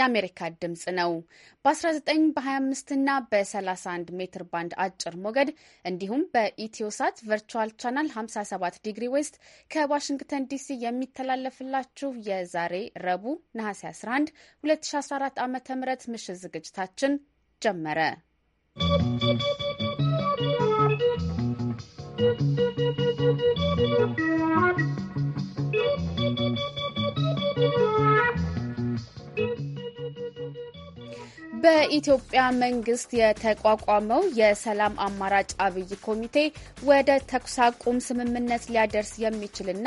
የአሜሪካ ድምፅ ነው። በ19 በ25 እና በ31 ሜትር ባንድ አጭር ሞገድ እንዲሁም በኢትዮሳት ቨርቹዋል ቻናል 57 ዲግሪ ዌስት ከዋሽንግተን ዲሲ የሚተላለፍላችሁ የዛሬ ረቡዕ ነሐሴ 11 2014 ዓ ም ምሽት ዝግጅታችን ጀመረ። በኢትዮጵያ መንግስት የተቋቋመው የሰላም አማራጭ አብይ ኮሚቴ ወደ ተኩስ አቁም ስምምነት ሊያደርስ የሚችልና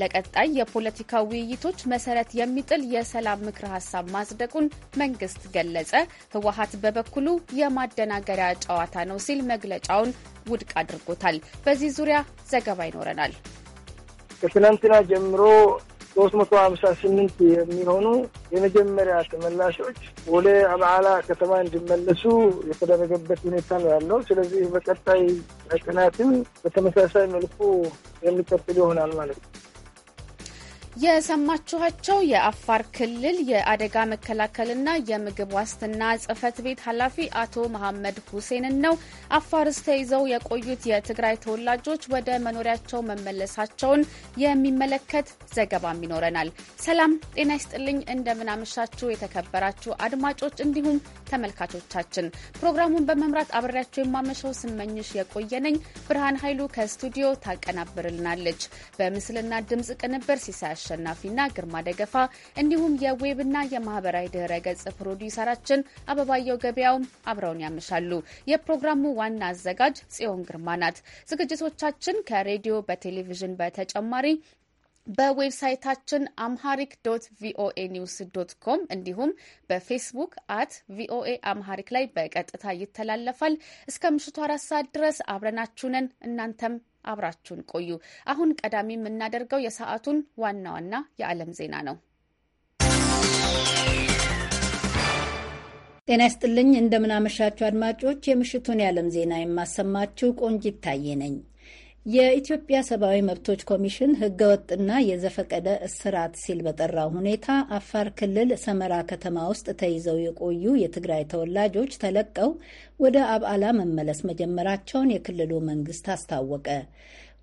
ለቀጣይ የፖለቲካ ውይይቶች መሰረት የሚጥል የሰላም ምክረ ሀሳብ ማጽደቁን መንግስት ገለጸ። ህወሀት በበኩሉ የማደናገሪያ ጨዋታ ነው ሲል መግለጫውን ውድቅ አድርጎታል። በዚህ ዙሪያ ዘገባ ይኖረናል። ከትናንትና ጀምሮ ሶስት መቶ ሀምሳ ስምንት የሚሆኑ የመጀመሪያ ተመላሾች ወደ አብዓላ ከተማ እንዲመለሱ የተደረገበት ሁኔታ ነው ያለው። ስለዚህ በቀጣይ ቀናትም በተመሳሳይ መልኩ የሚቀጥል ይሆናል ማለት ነው። የሰማችኋቸው የአፋር ክልል የአደጋ መከላከልና የምግብ ዋስትና ጽህፈት ቤት ኃላፊ አቶ መሐመድ ሁሴንን ነው። አፋር ውስጥ ተይዘው የቆዩት የትግራይ ተወላጆች ወደ መኖሪያቸው መመለሳቸውን የሚመለከት ዘገባም ይኖረናል። ሰላም ጤና ይስጥልኝ። እንደምናመሻችሁ የተከበራችሁ አድማጮች እንዲሁም ተመልካቾቻችን ፕሮግራሙን በመምራት አብሬያቸው የማመሸው ስመኝሽ የቆየነኝ ብርሃን ኃይሉ ከስቱዲዮ ታቀናብርልናለች። በምስልና ድምጽ ቅንብር ሲሳያ አሸናፊና ግርማ ደገፋ እንዲሁም የዌብና የማህበራዊ ድህረ ገጽ ፕሮዲውሰራችን አበባየው ገበያውም አብረውን ያመሻሉ። የፕሮግራሙ ዋና አዘጋጅ ጽዮን ግርማ ናት። ዝግጅቶቻችን ከሬዲዮ በቴሌቪዥን በተጨማሪ በዌብሳይታችን አምሃሪክ ዶት ቪኦኤ ኒውስ ዶት ኮም እንዲሁም በፌስቡክ አት ቪኦኤ አምሃሪክ ላይ በቀጥታ ይተላለፋል። እስከ ምሽቱ አራት ሰዓት ድረስ አብረናችሁንን እናንተም አብራችሁን ቆዩ። አሁን ቀዳሚ የምናደርገው የሰዓቱን ዋና ዋና የዓለም ዜና ነው። ጤና ይስጥልኝ እንደምናመሻችሁ አድማጮች፣ የምሽቱን የዓለም ዜና የማሰማችሁ ቆንጅ ታዬ ነኝ። የኢትዮጵያ ሰብአዊ መብቶች ኮሚሽን ህገወጥና የዘፈቀደ እስራት ሲል በጠራው ሁኔታ አፋር ክልል ሰመራ ከተማ ውስጥ ተይዘው የቆዩ የትግራይ ተወላጆች ተለቀው ወደ አብዓላ መመለስ መጀመራቸውን የክልሉ መንግስት አስታወቀ።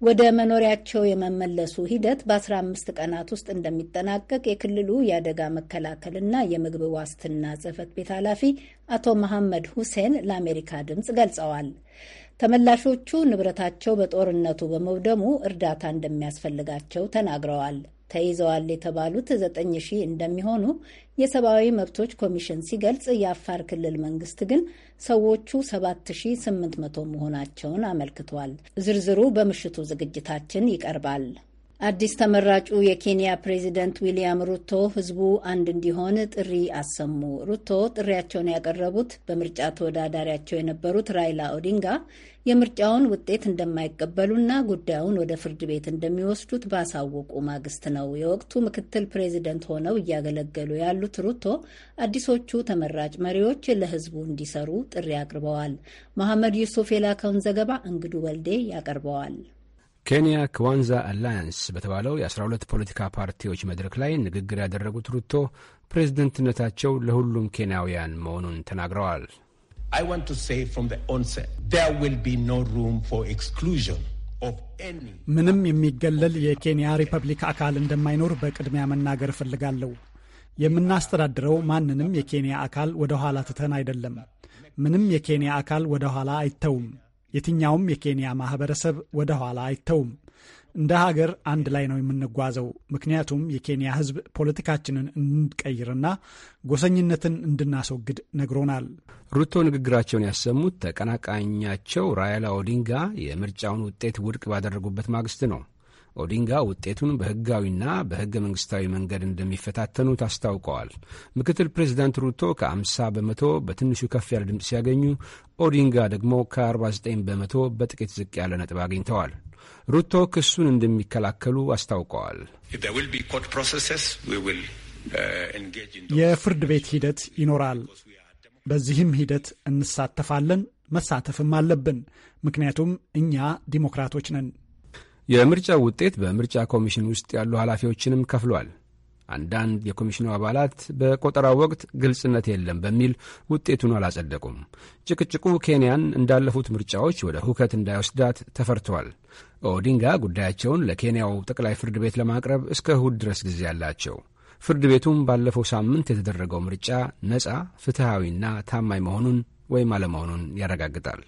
ወደ መኖሪያቸው የመመለሱ ሂደት በ15 ቀናት ውስጥ እንደሚጠናቀቅ የክልሉ የአደጋ መከላከልና የምግብ ዋስትና ጽህፈት ቤት ኃላፊ አቶ መሐመድ ሁሴን ለአሜሪካ ድምፅ ገልጸዋል። ተመላሾቹ ንብረታቸው በጦርነቱ በመውደሙ እርዳታ እንደሚያስፈልጋቸው ተናግረዋል። ተይዘዋል የተባሉት ዘጠኝ ሺህ እንደሚሆኑ የሰብአዊ መብቶች ኮሚሽን ሲገልጽ የአፋር ክልል መንግስት ግን ሰዎቹ 7800 መሆናቸውን አመልክቷል። ዝርዝሩ በምሽቱ ዝግጅታችን ይቀርባል። አዲስ ተመራጩ የኬንያ ፕሬዚደንት ዊልያም ሩቶ ህዝቡ አንድ እንዲሆን ጥሪ አሰሙ። ሩቶ ጥሪያቸውን ያቀረቡት በምርጫ ተወዳዳሪያቸው የነበሩት ራይላ ኦዲንጋ የምርጫውን ውጤት እንደማይቀበሉና ጉዳዩን ወደ ፍርድ ቤት እንደሚወስዱት ባሳወቁ ማግስት ነው። የወቅቱ ምክትል ፕሬዚደንት ሆነው እያገለገሉ ያሉት ሩቶ አዲሶቹ ተመራጭ መሪዎች ለህዝቡ እንዲሰሩ ጥሪ አቅርበዋል። መሐመድ ዩሱፍ የላከውን ዘገባ እንግዱ ወልዴ ያቀርበዋል። ኬንያ ክዋንዛ አላያንስ በተባለው የ12 ፖለቲካ ፓርቲዎች መድረክ ላይ ንግግር ያደረጉት ሩቶ ፕሬዝደንትነታቸው ለሁሉም ኬንያውያን መሆኑን ተናግረዋል። ምንም የሚገለል የኬንያ ሪፐብሊክ አካል እንደማይኖር በቅድሚያ መናገር እፈልጋለሁ። የምናስተዳድረው ማንንም የኬንያ አካል ወደ ኋላ ትተን አይደለም። ምንም የኬንያ አካል ወደ ኋላ አይተውም። የትኛውም የኬንያ ማህበረሰብ ወደ ኋላ አይተውም። እንደ ሀገር አንድ ላይ ነው የምንጓዘው። ምክንያቱም የኬንያ ሕዝብ ፖለቲካችንን እንድንቀይርና ጎሰኝነትን እንድናስወግድ ነግሮናል። ሩቶ ንግግራቸውን ያሰሙት ተቀናቃኛቸው ራያላ ኦዲንጋ የምርጫውን ውጤት ውድቅ ባደረጉበት ማግስት ነው። ኦዲንጋ ውጤቱን በህጋዊና በህገ መንግስታዊ መንገድ እንደሚፈታተኑት አስታውቀዋል። ምክትል ፕሬዚዳንት ሩቶ ከ50 በመቶ በትንሹ ከፍ ያለ ድምፅ ሲያገኙ፣ ኦዲንጋ ደግሞ ከ49 በመቶ በጥቂት ዝቅ ያለ ነጥብ አግኝተዋል። ሩቶ ክሱን እንደሚከላከሉ አስታውቀዋል። uh, የፍርድ ቤት ሂደት ይኖራል። በዚህም ሂደት እንሳተፋለን፣ መሳተፍም አለብን። ምክንያቱም እኛ ዲሞክራቶች ነን። የምርጫው ውጤት በምርጫ ኮሚሽን ውስጥ ያሉ ኃላፊዎችንም ከፍሏል። አንዳንድ የኮሚሽኑ አባላት በቆጠራው ወቅት ግልጽነት የለም በሚል ውጤቱን አላጸደቁም። ጭቅጭቁ ኬንያን እንዳለፉት ምርጫዎች ወደ ሁከት እንዳይወስዳት ተፈርተዋል። ኦዲንጋ ጉዳያቸውን ለኬንያው ጠቅላይ ፍርድ ቤት ለማቅረብ እስከ እሁድ ድረስ ጊዜ አላቸው። ፍርድ ቤቱም ባለፈው ሳምንት የተደረገው ምርጫ ነጻ፣ ፍትሐዊና ታማኝ መሆኑን ወይም አለመሆኑን ያረጋግጣል።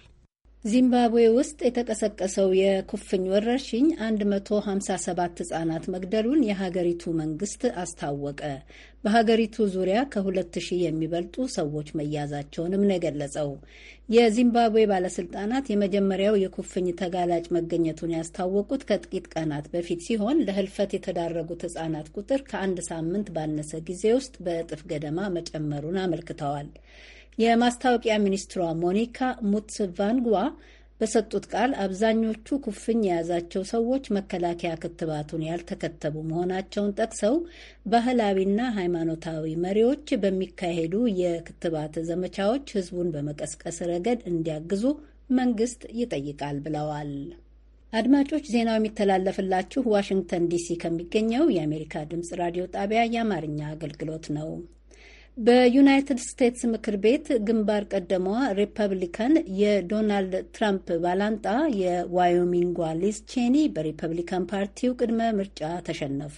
ዚምባብዌ ውስጥ የተቀሰቀሰው የኩፍኝ ወረርሽኝ 157 ሕጻናት መግደሉን የሀገሪቱ መንግስት አስታወቀ። በሀገሪቱ ዙሪያ ከ2000 የሚበልጡ ሰዎች መያዛቸውንም ነው የገለጸው። የዚምባብዌ ባለስልጣናት የመጀመሪያው የኩፍኝ ተጋላጭ መገኘቱን ያስታወቁት ከጥቂት ቀናት በፊት ሲሆን ለህልፈት የተዳረጉት ህጻናት ቁጥር ከአንድ ሳምንት ባነሰ ጊዜ ውስጥ በእጥፍ ገደማ መጨመሩን አመልክተዋል። የማስታወቂያ ሚኒስትሯ ሞኒካ ሙትስቫንግዋ በሰጡት ቃል አብዛኞቹ ኩፍኝ የያዛቸው ሰዎች መከላከያ ክትባቱን ያልተከተቡ መሆናቸውን ጠቅሰው ባህላዊና ሃይማኖታዊ መሪዎች በሚካሄዱ የክትባት ዘመቻዎች ሕዝቡን በመቀስቀስ ረገድ እንዲያግዙ መንግስት ይጠይቃል ብለዋል። አድማጮች፣ ዜናው የሚተላለፍላችሁ ዋሽንግተን ዲሲ ከሚገኘው የአሜሪካ ድምጽ ራዲዮ ጣቢያ የአማርኛ አገልግሎት ነው። በዩናይትድ ስቴትስ ምክር ቤት ግንባር ቀደሟ ሪፐብሊካን የዶናልድ ትራምፕ ባላንጣ የዋዮሚንጓ ሊዝ ቼኒ በሪፐብሊካን ፓርቲው ቅድመ ምርጫ ተሸነፉ።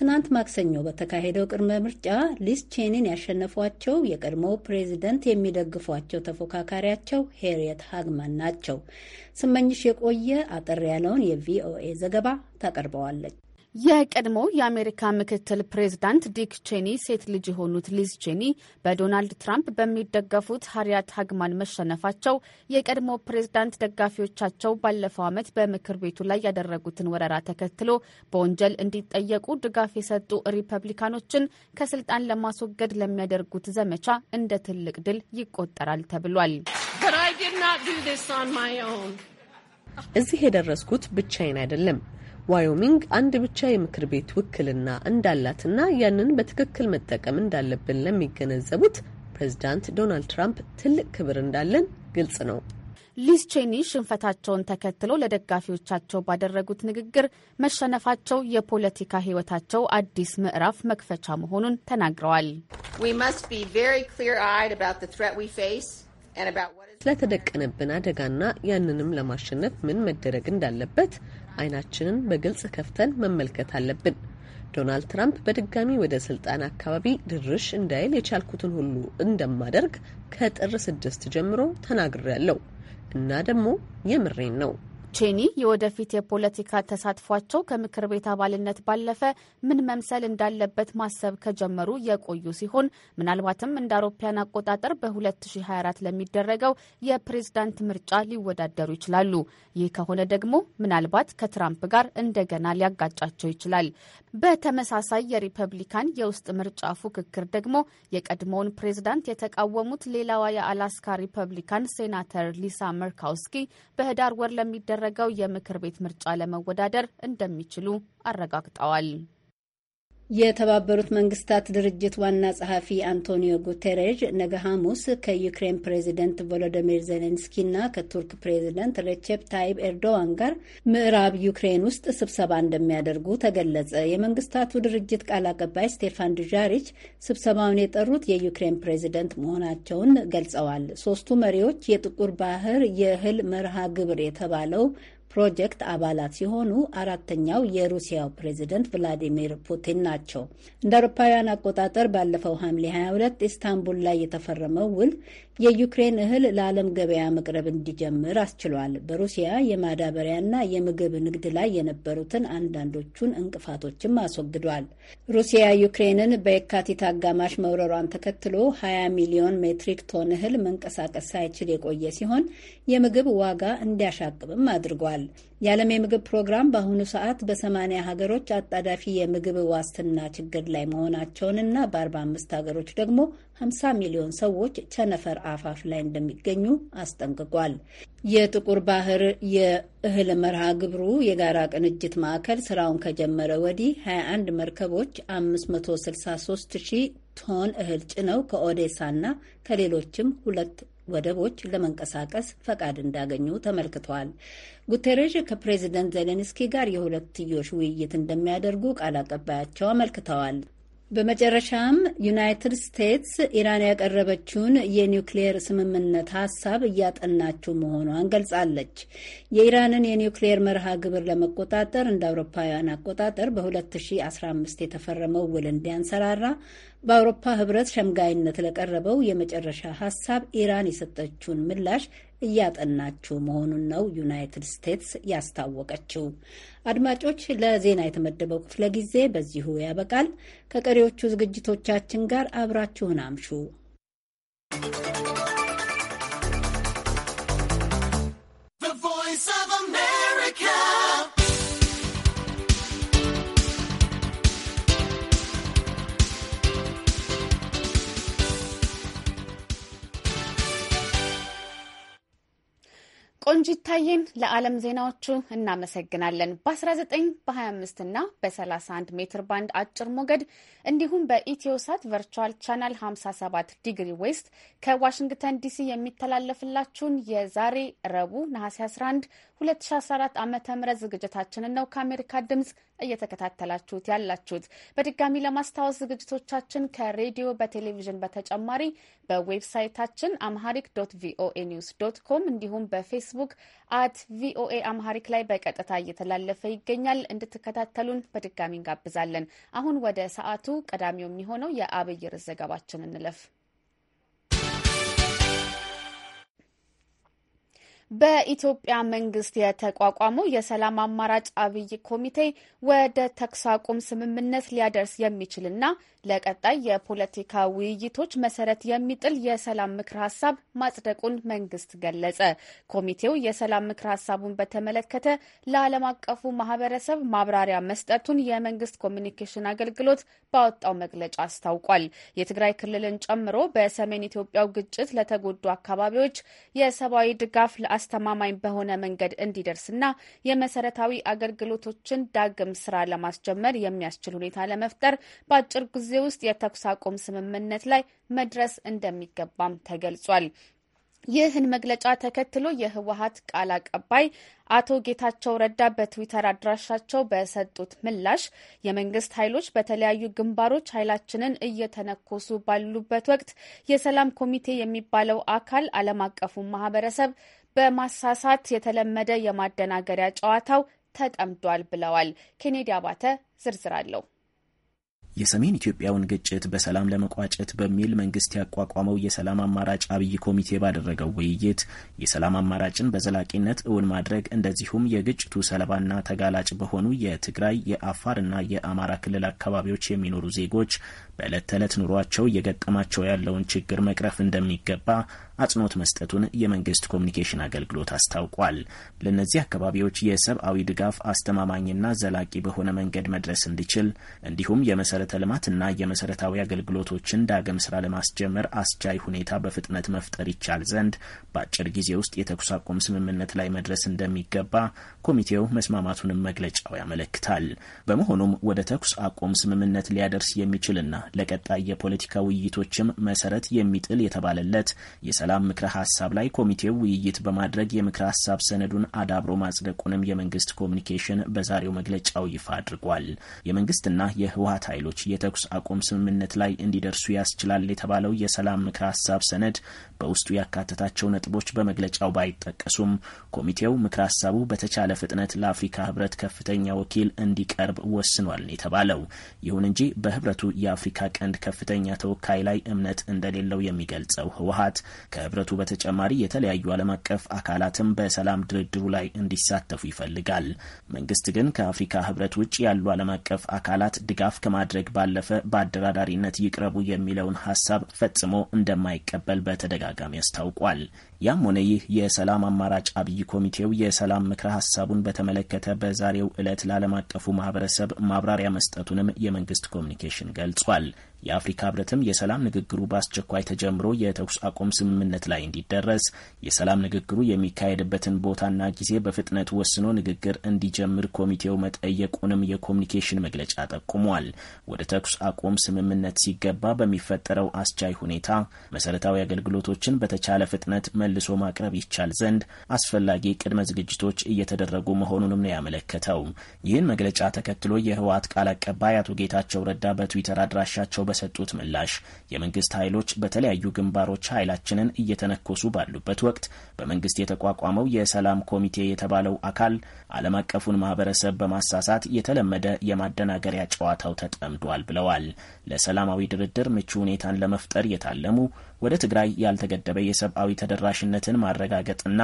ትናንት ማክሰኞ በተካሄደው ቅድመ ምርጫ ሊዝ ቼኒን ያሸነፏቸው የቀድሞው ፕሬዚደንት የሚደግፏቸው ተፎካካሪያቸው ሄሪየት ሃግማን ናቸው። ስመኝሽ የቆየ አጠር ያለውን የቪኦኤ ዘገባ ታቀርበዋለች። የቀድሞ የአሜሪካ ምክትል ፕሬዝዳንት ዲክ ቼኒ ሴት ልጅ የሆኑት ሊዝ ቼኒ በዶናልድ ትራምፕ በሚደገፉት ሀሪያት ሀግማን መሸነፋቸው የቀድሞ ፕሬዝዳንት ደጋፊዎቻቸው ባለፈው ዓመት በምክር ቤቱ ላይ ያደረጉትን ወረራ ተከትሎ በወንጀል እንዲጠየቁ ድጋፍ የሰጡ ሪፐብሊካኖችን ከስልጣን ለማስወገድ ለሚያደርጉት ዘመቻ እንደ ትልቅ ድል ይቆጠራል ተብሏል። እዚህ የደረስኩት ብቻዬን አይደለም። ዋዮሚንግ አንድ ብቻ የምክር ቤት ውክልና እንዳላትና ያንን በትክክል መጠቀም እንዳለብን ለሚገነዘቡት ፕሬዚዳንት ዶናልድ ትራምፕ ትልቅ ክብር እንዳለን ግልጽ ነው። ሊዝ ቼኒ ሽንፈታቸውን ተከትሎ ለደጋፊዎቻቸው ባደረጉት ንግግር መሸነፋቸው የፖለቲካ ሕይወታቸው አዲስ ምዕራፍ መክፈቻ መሆኑን ተናግረዋል። ስለተደቀነብን አደጋና ያንንም ለማሸነፍ ምን መደረግ እንዳለበት አይናችንን በግልጽ ከፍተን መመልከት አለብን። ዶናልድ ትራምፕ በድጋሚ ወደ ስልጣን አካባቢ ድርሽ እንዳይል የቻልኩትን ሁሉ እንደማደርግ ከጥር ስድስት ጀምሮ ተናግሬያለሁ እና ደግሞ የምሬን ነው። ቼኒ የወደፊት የፖለቲካ ተሳትፏቸው ከምክር ቤት አባልነት ባለፈ ምን መምሰል እንዳለበት ማሰብ ከጀመሩ የቆዩ ሲሆን ምናልባትም እንደ አውሮፓያን አቆጣጠር በ2024 ለሚደረገው የፕሬዝዳንት ምርጫ ሊወዳደሩ ይችላሉ። ይህ ከሆነ ደግሞ ምናልባት ከትራምፕ ጋር እንደገና ሊያጋጫቸው ይችላል። በተመሳሳይ የሪፐብሊካን የውስጥ ምርጫ ፉክክር ደግሞ የቀድሞውን ፕሬዝዳንት የተቃወሙት ሌላዋ የአላስካ ሪፐብሊካን ሴናተር ሊሳ መርካውስኪ በህዳር ወር ለሚደረ በሚደረገው የምክር ቤት ምርጫ ለመወዳደር እንደሚችሉ አረጋግጠዋል። የተባበሩት መንግስታት ድርጅት ዋና ጸሐፊ አንቶኒዮ ጉቴሬዥ ነገ ሐሙስ ከዩክሬን ፕሬዚደንት ቮሎዶሚር ዜሌንስኪና ከቱርክ ፕሬዚደንት ሬቼፕ ታይብ ኤርዶዋን ጋር ምዕራብ ዩክሬን ውስጥ ስብሰባ እንደሚያደርጉ ተገለጸ። የመንግስታቱ ድርጅት ቃል አቀባይ ስቴፋን ዱዣሪች ስብሰባውን የጠሩት የዩክሬን ፕሬዚደንት መሆናቸውን ገልጸዋል። ሶስቱ መሪዎች የጥቁር ባህር የእህል መርሃ ግብር የተባለው ፕሮጀክት አባላት ሲሆኑ አራተኛው የሩሲያው ፕሬዝደንት ቭላዲሚር ፑቲን ናቸው። እንደ አውሮፓውያን አቆጣጠር ባለፈው ሐምሌ 22 ኢስታንቡል ላይ የተፈረመው ውል የዩክሬን እህል ለዓለም ገበያ መቅረብ እንዲጀምር አስችሏል። በሩሲያ የማዳበሪያና የምግብ ንግድ ላይ የነበሩትን አንዳንዶቹን እንቅፋቶችም አስወግዷል። ሩሲያ ዩክሬንን በየካቲት አጋማሽ መውረሯን ተከትሎ 20 ሚሊዮን ሜትሪክ ቶን እህል መንቀሳቀስ ሳይችል የቆየ ሲሆን የምግብ ዋጋ እንዲያሻቅብም አድርጓል። የዓለም የምግብ ፕሮግራም በአሁኑ ሰዓት በሰማንያ ሀገሮች አጣዳፊ የምግብ ዋስትና ችግር ላይ መሆናቸውንና በ45 ሀገሮች ደግሞ 50 ሚሊዮን ሰዎች ቸነፈር አፋፍ ላይ እንደሚገኙ አስጠንቅቋል። የጥቁር ባህር የእህል መርሃ ግብሩ የጋራ ቅንጅት ማዕከል ስራውን ከጀመረ ወዲህ 21 መርከቦች 563 ሺህ ቶን እህል ጭነው ከኦዴሳና ከሌሎችም ሁለት ወደቦች ለመንቀሳቀስ ፈቃድ እንዳገኙ ተመልክተዋል። ጉቴሬዥ ከፕሬዚደንት ዜሌንስኪ ጋር የሁለትዮሽ ውይይት እንደሚያደርጉ ቃል አቀባያቸው አመልክተዋል። በመጨረሻም ዩናይትድ ስቴትስ ኢራን ያቀረበችውን የኒውክሌር ስምምነት ሀሳብ እያጠናችው መሆኗን ገልጻለች። የኢራንን የኒውክሌር መርሃ ግብር ለመቆጣጠር እንደ አውሮፓውያን አቆጣጠር በ2015 የተፈረመው ውል እንዲያንሰራራ በአውሮፓ ሕብረት ሸምጋይነት ለቀረበው የመጨረሻ ሀሳብ ኢራን የሰጠችውን ምላሽ እያጠናችው መሆኑን ነው ዩናይትድ ስቴትስ ያስታወቀችው። አድማጮች፣ ለዜና የተመደበው ክፍለ ጊዜ በዚሁ ያበቃል። ከቀሪዎቹ ዝግጅቶቻችን ጋር አብራችሁን አምሹ። ቆንጂ ይታየን ለዓለም ዜናዎቹ እናመሰግናለን። በ19 በ25 እና በ31 ሜትር ባንድ አጭር ሞገድ እንዲሁም በኢትዮሳት ቨርቹዋል ቻናል 57 ዲግሪ ዌስት ከዋሽንግተን ዲሲ የሚተላለፍላችሁን የዛሬ ረቡዕ ነሐሴ 11 2014 ዓ ም ዝግጅታችንን ነው ከአሜሪካ ድምፅ እየተከታተላችሁት ያላችሁት። በድጋሚ ለማስታወስ ዝግጅቶቻችን ከሬዲዮ በቴሌቪዥን በተጨማሪ በዌብሳይታችን አምሃሪክ ዶት ቪኦኤ ኒውስ ዶት ኮም እንዲሁም በፌስቡክ አት ቪኦኤ አምሃሪክ ላይ በቀጥታ እየተላለፈ ይገኛል። እንድትከታተሉን በድጋሚ እንጋብዛለን። አሁን ወደ ሰዓቱ ቀዳሚው የሚሆነው የአብይር ዘገባችን እንለፍ። በኢትዮጵያ መንግስት የተቋቋመው የሰላም አማራጭ አብይ ኮሚቴ ወደ ተኩስ አቁም ስምምነት ሊያደርስ የሚችልና ለቀጣይ የፖለቲካ ውይይቶች መሰረት የሚጥል የሰላም ምክር ሀሳብ ማጽደቁን መንግስት ገለጸ። ኮሚቴው የሰላም ምክር ሀሳቡን በተመለከተ ለዓለም አቀፉ ማህበረሰብ ማብራሪያ መስጠቱን የመንግስት ኮሚኒኬሽን አገልግሎት ባወጣው መግለጫ አስታውቋል። የትግራይ ክልልን ጨምሮ በሰሜን ኢትዮጵያው ግጭት ለተጎዱ አካባቢዎች የሰብአዊ ድጋፍ አስተማማኝ በሆነ መንገድ እንዲደርስና የመሰረታዊ አገልግሎቶችን ዳግም ስራ ለማስጀመር የሚያስችል ሁኔታ ለመፍጠር በአጭር ጊዜ ውስጥ የተኩስ አቁም ስምምነት ላይ መድረስ እንደሚገባም ተገልጿል። ይህን መግለጫ ተከትሎ የህወሀት ቃል አቀባይ አቶ ጌታቸው ረዳ በትዊተር አድራሻቸው በሰጡት ምላሽ የመንግስት ኃይሎች በተለያዩ ግንባሮች ኃይላችንን እየተነኮሱ ባሉበት ወቅት የሰላም ኮሚቴ የሚባለው አካል ዓለም አቀፉን ማህበረሰብ በማሳሳት የተለመደ የማደናገሪያ ጨዋታው ተጠምዷል ብለዋል። ኬኔዲ አባተ ዝርዝር አለው። የሰሜን ኢትዮጵያውን ግጭት በሰላም ለመቋጨት በሚል መንግስት ያቋቋመው የሰላም አማራጭ አብይ ኮሚቴ ባደረገው ውይይት የሰላም አማራጭን በዘላቂነት እውን ማድረግ እንደዚሁም የግጭቱ ሰለባና ተጋላጭ በሆኑ የትግራይ፣ የአፋርና የአማራ ክልል አካባቢዎች የሚኖሩ ዜጎች በዕለት ተዕለት ኑሯቸው እየገጠማቸው ያለውን ችግር መቅረፍ እንደሚገባ አጽንኦት መስጠቱን የመንግስት ኮሚኒኬሽን አገልግሎት አስታውቋል። ለእነዚህ አካባቢዎች የሰብአዊ ድጋፍ አስተማማኝና ዘላቂ በሆነ መንገድ መድረስ እንዲችል እንዲሁም የመሰረተ ልማትና የመሰረታዊ አገልግሎቶችን ዳግም ስራ ለማስጀመር አስቻይ ሁኔታ በፍጥነት መፍጠር ይቻል ዘንድ በአጭር ጊዜ ውስጥ የተኩስ አቁም ስምምነት ላይ መድረስ እንደሚገባ ኮሚቴው መስማማቱንም መግለጫው ያመለክታል። በመሆኑም ወደ ተኩስ አቁም ስምምነት ሊያደርስ የሚችልና ለቀጣይ የፖለቲካ ውይይቶችም መሰረት የሚጥል የተባለለት ሰላም ምክረ ሀሳብ ላይ ኮሚቴው ውይይት በማድረግ የምክረ ሀሳብ ሰነዱን አዳብሮ ማጽደቁንም የመንግስት ኮሚኒኬሽን በዛሬው መግለጫው ይፋ አድርጓል። የመንግስትና የህወሀት ኃይሎች የተኩስ አቁም ስምምነት ላይ እንዲደርሱ ያስችላል የተባለው የሰላም ምክረ ሀሳብ ሰነድ በውስጡ ያካተታቸው ነጥቦች በመግለጫው ባይጠቀሱም ኮሚቴው ምክረ ሀሳቡ በተቻለ ፍጥነት ለአፍሪካ ህብረት ከፍተኛ ወኪል እንዲቀርብ ወስኗል የተባለው ይሁን እንጂ በህብረቱ የአፍሪካ ቀንድ ከፍተኛ ተወካይ ላይ እምነት እንደሌለው የሚገልጸው ህወሀት ከህብረቱ በተጨማሪ የተለያዩ ዓለም አቀፍ አካላትም በሰላም ድርድሩ ላይ እንዲሳተፉ ይፈልጋል። መንግስት ግን ከአፍሪካ ህብረት ውጭ ያሉ ዓለም አቀፍ አካላት ድጋፍ ከማድረግ ባለፈ በአደራዳሪነት ይቅረቡ የሚለውን ሀሳብ ፈጽሞ እንደማይቀበል በተደጋጋሚ አስታውቋል። ያም ሆነ ይህ የሰላም አማራጭ አብይ ኮሚቴው የሰላም ምክረ ሀሳቡን በተመለከተ በዛሬው ዕለት ለዓለም አቀፉ ማህበረሰብ ማብራሪያ መስጠቱንም የመንግስት ኮሚኒኬሽን ገልጿል። የአፍሪካ ህብረትም የሰላም ንግግሩ በአስቸኳይ ተጀምሮ የተኩስ አቁም ስምምነት ላይ እንዲደረስ የሰላም ንግግሩ የሚካሄድበትን ቦታና ጊዜ በፍጥነት ወስኖ ንግግር እንዲጀምር ኮሚቴው መጠየቁንም የኮሚኒኬሽን መግለጫ ጠቁሟል። ወደ ተኩስ አቁም ስምምነት ሲገባ በሚፈጠረው አስቻይ ሁኔታ መሰረታዊ አገልግሎቶችን በተቻለ ፍጥነት መልሶ ማቅረብ ይቻል ዘንድ አስፈላጊ ቅድመ ዝግጅቶች እየተደረጉ መሆኑንም ነው ያመለከተው። ይህን መግለጫ ተከትሎ የህወሓት ቃል አቀባይ አቶ ጌታቸው ረዳ በትዊተር አድራሻቸው በሰጡት ምላሽ የመንግስት ኃይሎች በተለያዩ ግንባሮች ኃይላችንን እየተነኮሱ ባሉበት ወቅት በመንግስት የተቋቋመው የሰላም ኮሚቴ የተባለው አካል ዓለም አቀፉን ማህበረሰብ በማሳሳት የተለመደ የማደናገሪያ ጨዋታው ተጠምዷል ብለዋል። ለሰላማዊ ድርድር ምቹ ሁኔታን ለመፍጠር የታለሙ ወደ ትግራይ ያልተገደበ የሰብአዊ ተደራሽነትን ማረጋገጥና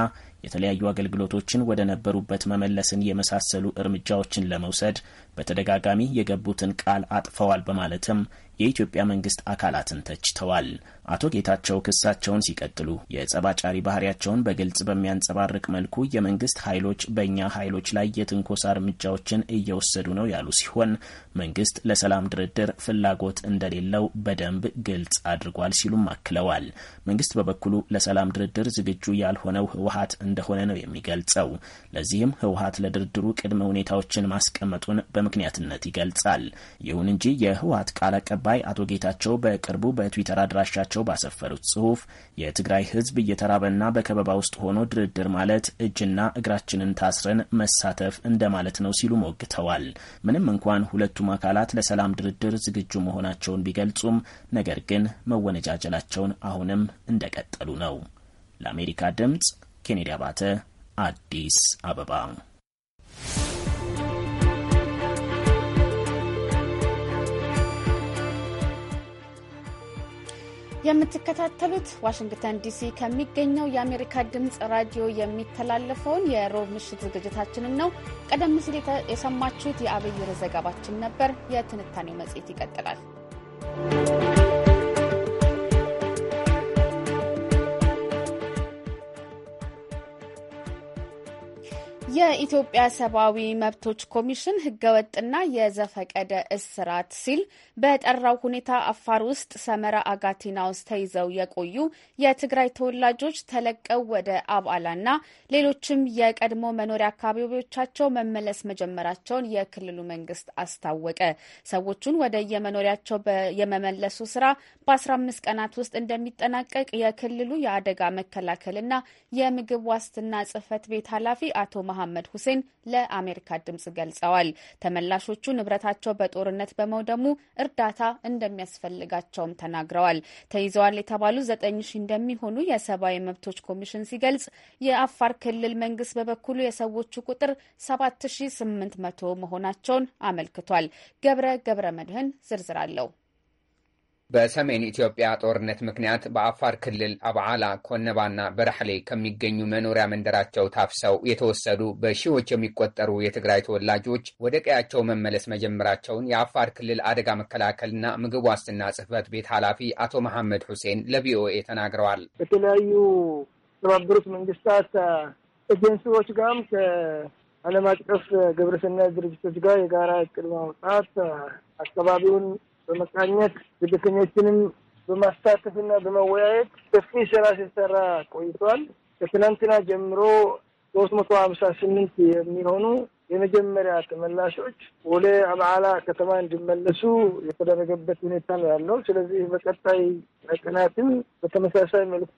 የተለያዩ አገልግሎቶችን ወደ ነበሩበት መመለስን የመሳሰሉ እርምጃዎችን ለመውሰድ በተደጋጋሚ የገቡትን ቃል አጥፈዋል በማለትም የኢትዮጵያ መንግስት አካላትን ተችተዋል። አቶ ጌታቸው ክሳቸውን ሲቀጥሉ የጸባጫሪ ባህሪያቸውን በግልጽ በሚያንጸባርቅ መልኩ የመንግስት ኃይሎች በእኛ ኃይሎች ላይ የትንኮሳ እርምጃዎችን እየወሰዱ ነው ያሉ ሲሆን መንግስት ለሰላም ድርድር ፍላጎት እንደሌለው በደንብ ግልጽ አድርጓል ሲሉም አክለዋል። መንግስት በበኩሉ ለሰላም ድርድር ዝግጁ ያልሆነው ህወሀት እንደሆነ ነው የሚገልጸው። ለዚህም ህወሀት ለድርድሩ ቅድመ ሁኔታዎችን ማስቀመጡን በምክንያትነት ይገልጻል። ይሁን እንጂ የህወሀት ቃል አቀባይ አቶ ጌታቸው በቅርቡ በትዊተር አድራሻቸው ባሰፈሩት ጽሁፍ የትግራይ ህዝብ እየተራበና በከበባ ውስጥ ሆኖ ድርድር ማለት እጅና እግራችንን ታስረን መሳተፍ እንደማለት ነው ሲሉ ሞግተዋል። ምንም እንኳን ሁለቱም አካላት ለሰላም ድርድር ዝግጁ መሆናቸውን ቢገልጹም ነገር ግን መወነጃጀላቸውን አሁንም እንደቀጠሉ ነው። ለአሜሪካ ድምፅ ኬኔዲ አባተ አዲስ አበባ። የምትከታተሉት ዋሽንግተን ዲሲ ከሚገኘው የአሜሪካ ድምፅ ራዲዮ የሚተላለፈውን የሮብ ምሽት ዝግጅታችንን ነው። ቀደም ሲል የሰማችሁት የአብይር ዘገባችን ነበር። የትንታኔው መጽሔት ይቀጥላል። የኢትዮጵያ ሰብአዊ መብቶች ኮሚሽን ህገወጥና የዘፈቀደ እስራት ሲል በጠራው ሁኔታ አፋር ውስጥ ሰመራ አጋቲና ውስጥ ተይዘው የቆዩ የትግራይ ተወላጆች ተለቀው ወደ አብዓላና ሌሎችም የቀድሞ መኖሪያ አካባቢዎቻቸው መመለስ መጀመራቸውን የክልሉ መንግስት አስታወቀ። ሰዎቹን ወደ የመኖሪያቸው የመመለሱ ስራ በ15 ቀናት ውስጥ እንደሚጠናቀቅ የክልሉ የአደጋ መከላከልና የምግብ ዋስትና ጽህፈት ቤት ኃላፊ አቶ መሀ መሐመድ ሁሴን ለአሜሪካ ድምጽ ገልጸዋል። ተመላሾቹ ንብረታቸው በጦርነት በመውደሙ እርዳታ እንደሚያስፈልጋቸውም ተናግረዋል። ተይዘዋል የተባሉ ዘጠኝ ሺህ እንደሚሆኑ የሰብአዊ መብቶች ኮሚሽን ሲገልጽ የአፋር ክልል መንግስት በበኩሉ የሰዎቹ ቁጥር 7800 መሆናቸውን አመልክቷል። ገብረ ገብረ መድህን ዝርዝር አለው። በሰሜን ኢትዮጵያ ጦርነት ምክንያት በአፋር ክልል አብዓላ፣ ኮነባና በራሕሌ ከሚገኙ መኖሪያ መንደራቸው ታፍሰው የተወሰዱ በሺዎች የሚቆጠሩ የትግራይ ተወላጆች ወደ ቀያቸው መመለስ መጀመራቸውን የአፋር ክልል አደጋ መከላከልና ምግብ ዋስትና ጽሕፈት ቤት ኃላፊ አቶ መሐመድ ሁሴን ለቪኦኤ ተናግረዋል። የተለያዩ የተባበሩት መንግስታት ኤጀንሲዎች ጋርም ከዓለም አቀፍ ግብረሰናይ ድርጅቶች ጋር የጋራ እቅድ ማውጣት አካባቢውን በመቃኘት ስደተኞችንም በማሳተፍና በመወያየት ሰፊ ስራ ሲሰራ ቆይቷል። ከትናንትና ጀምሮ ሶስት መቶ ሀምሳ ስምንት የሚሆኑ የመጀመሪያ ተመላሾች ወደ አብዓላ ከተማ እንዲመለሱ የተደረገበት ሁኔታ ነው ያለው። ስለዚህ በቀጣይ ቀናትም በተመሳሳይ መልኩ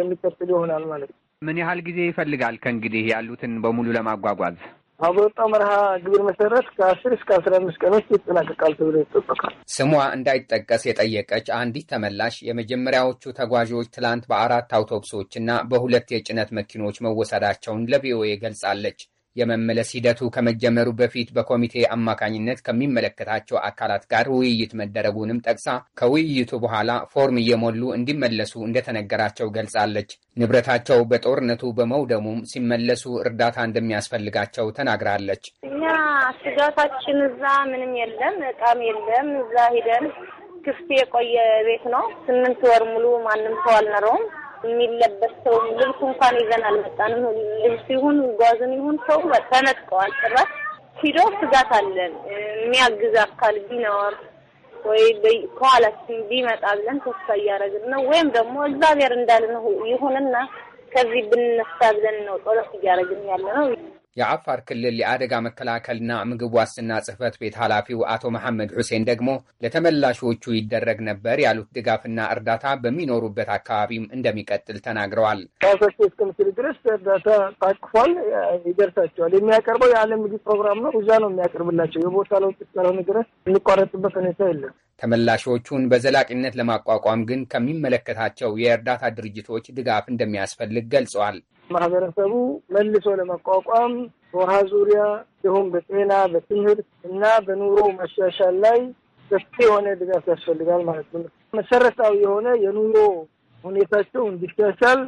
የሚቀጥል ይሆናል ማለት ነው። ምን ያህል ጊዜ ይፈልጋል? ከእንግዲህ ያሉትን በሙሉ ለማጓጓዝ በወጣው መርሃ ግብር መሰረት ከአስር እስከ አስራ አምስት ቀኖች ይጠናቀቃል ተብሎ ይጠበቃል። ስሟ እንዳይጠቀስ የጠየቀች አንዲት ተመላሽ የመጀመሪያዎቹ ተጓዦች ትላንት በአራት አውቶቡሶችና በሁለት የጭነት መኪኖች መወሰዳቸውን ለቪኦኤ ገልጻለች። የመመለስ ሂደቱ ከመጀመሩ በፊት በኮሚቴ አማካኝነት ከሚመለከታቸው አካላት ጋር ውይይት መደረጉንም ጠቅሳ ከውይይቱ በኋላ ፎርም እየሞሉ እንዲመለሱ እንደተነገራቸው ገልጻለች። ንብረታቸው በጦርነቱ በመውደሙም ሲመለሱ እርዳታ እንደሚያስፈልጋቸው ተናግራለች። እኛ ስጋታችን እዛ ምንም የለም፣ እቃም የለም። እዛ ሂደን ክፍት የቆየ ቤት ነው። ስምንት ወር ሙሉ ማንም ሰው አልነረውም። የሚለበስ ሰው ልብስ እንኳን ይዘን አልመጣንም። ልብስ ይሁን ጓዝን ይሁን ሰው ተነጥቀዋል። ጭራሽ ሂዶ ስጋት አለን። የሚያግዝ አካል ቢኖር ወይ ከኋላችን ቢመጣ ብለን ተስፋ እያደረግን ነው። ወይም ደግሞ እግዚአብሔር እንዳልን ይሁንና ከዚህ ብንነሳ ብለን ነው ጸሎት እያደረግን ያለ ነው። የአፋር ክልል የአደጋ መከላከልና ምግብ ዋስትና ጽህፈት ቤት ኃላፊው አቶ መሐመድ ሁሴን ደግሞ ለተመላሾቹ ይደረግ ነበር ያሉት ድጋፍና እርዳታ በሚኖሩበት አካባቢም እንደሚቀጥል ተናግረዋል። ከሶስት እስከ ምስል ድረስ እርዳታ ታቅፏል፣ ይደርሳቸዋል። የሚያቀርበው የዓለም ምግብ ፕሮግራም ነው። እዛ ነው የሚያቀርብላቸው። የቦታ ለውጥ እስካልሆነ ድረስ የሚቋረጥበት ሁኔታ የለም። ተመላሾቹን በዘላቂነት ለማቋቋም ግን ከሚመለከታቸው የእርዳታ ድርጅቶች ድጋፍ እንደሚያስፈልግ ገልጸዋል። ማህበረሰቡ መልሶ ለመቋቋም በውሃ ዙሪያ እንዲሁም በጤና በትምህርት እና በኑሮ መሻሻል ላይ ሰፊ የሆነ ድጋፍ ያስፈልጋል ማለት ነው። መሰረታዊ የሆነ የኑሮ ሁኔታቸው እንዲሻሻል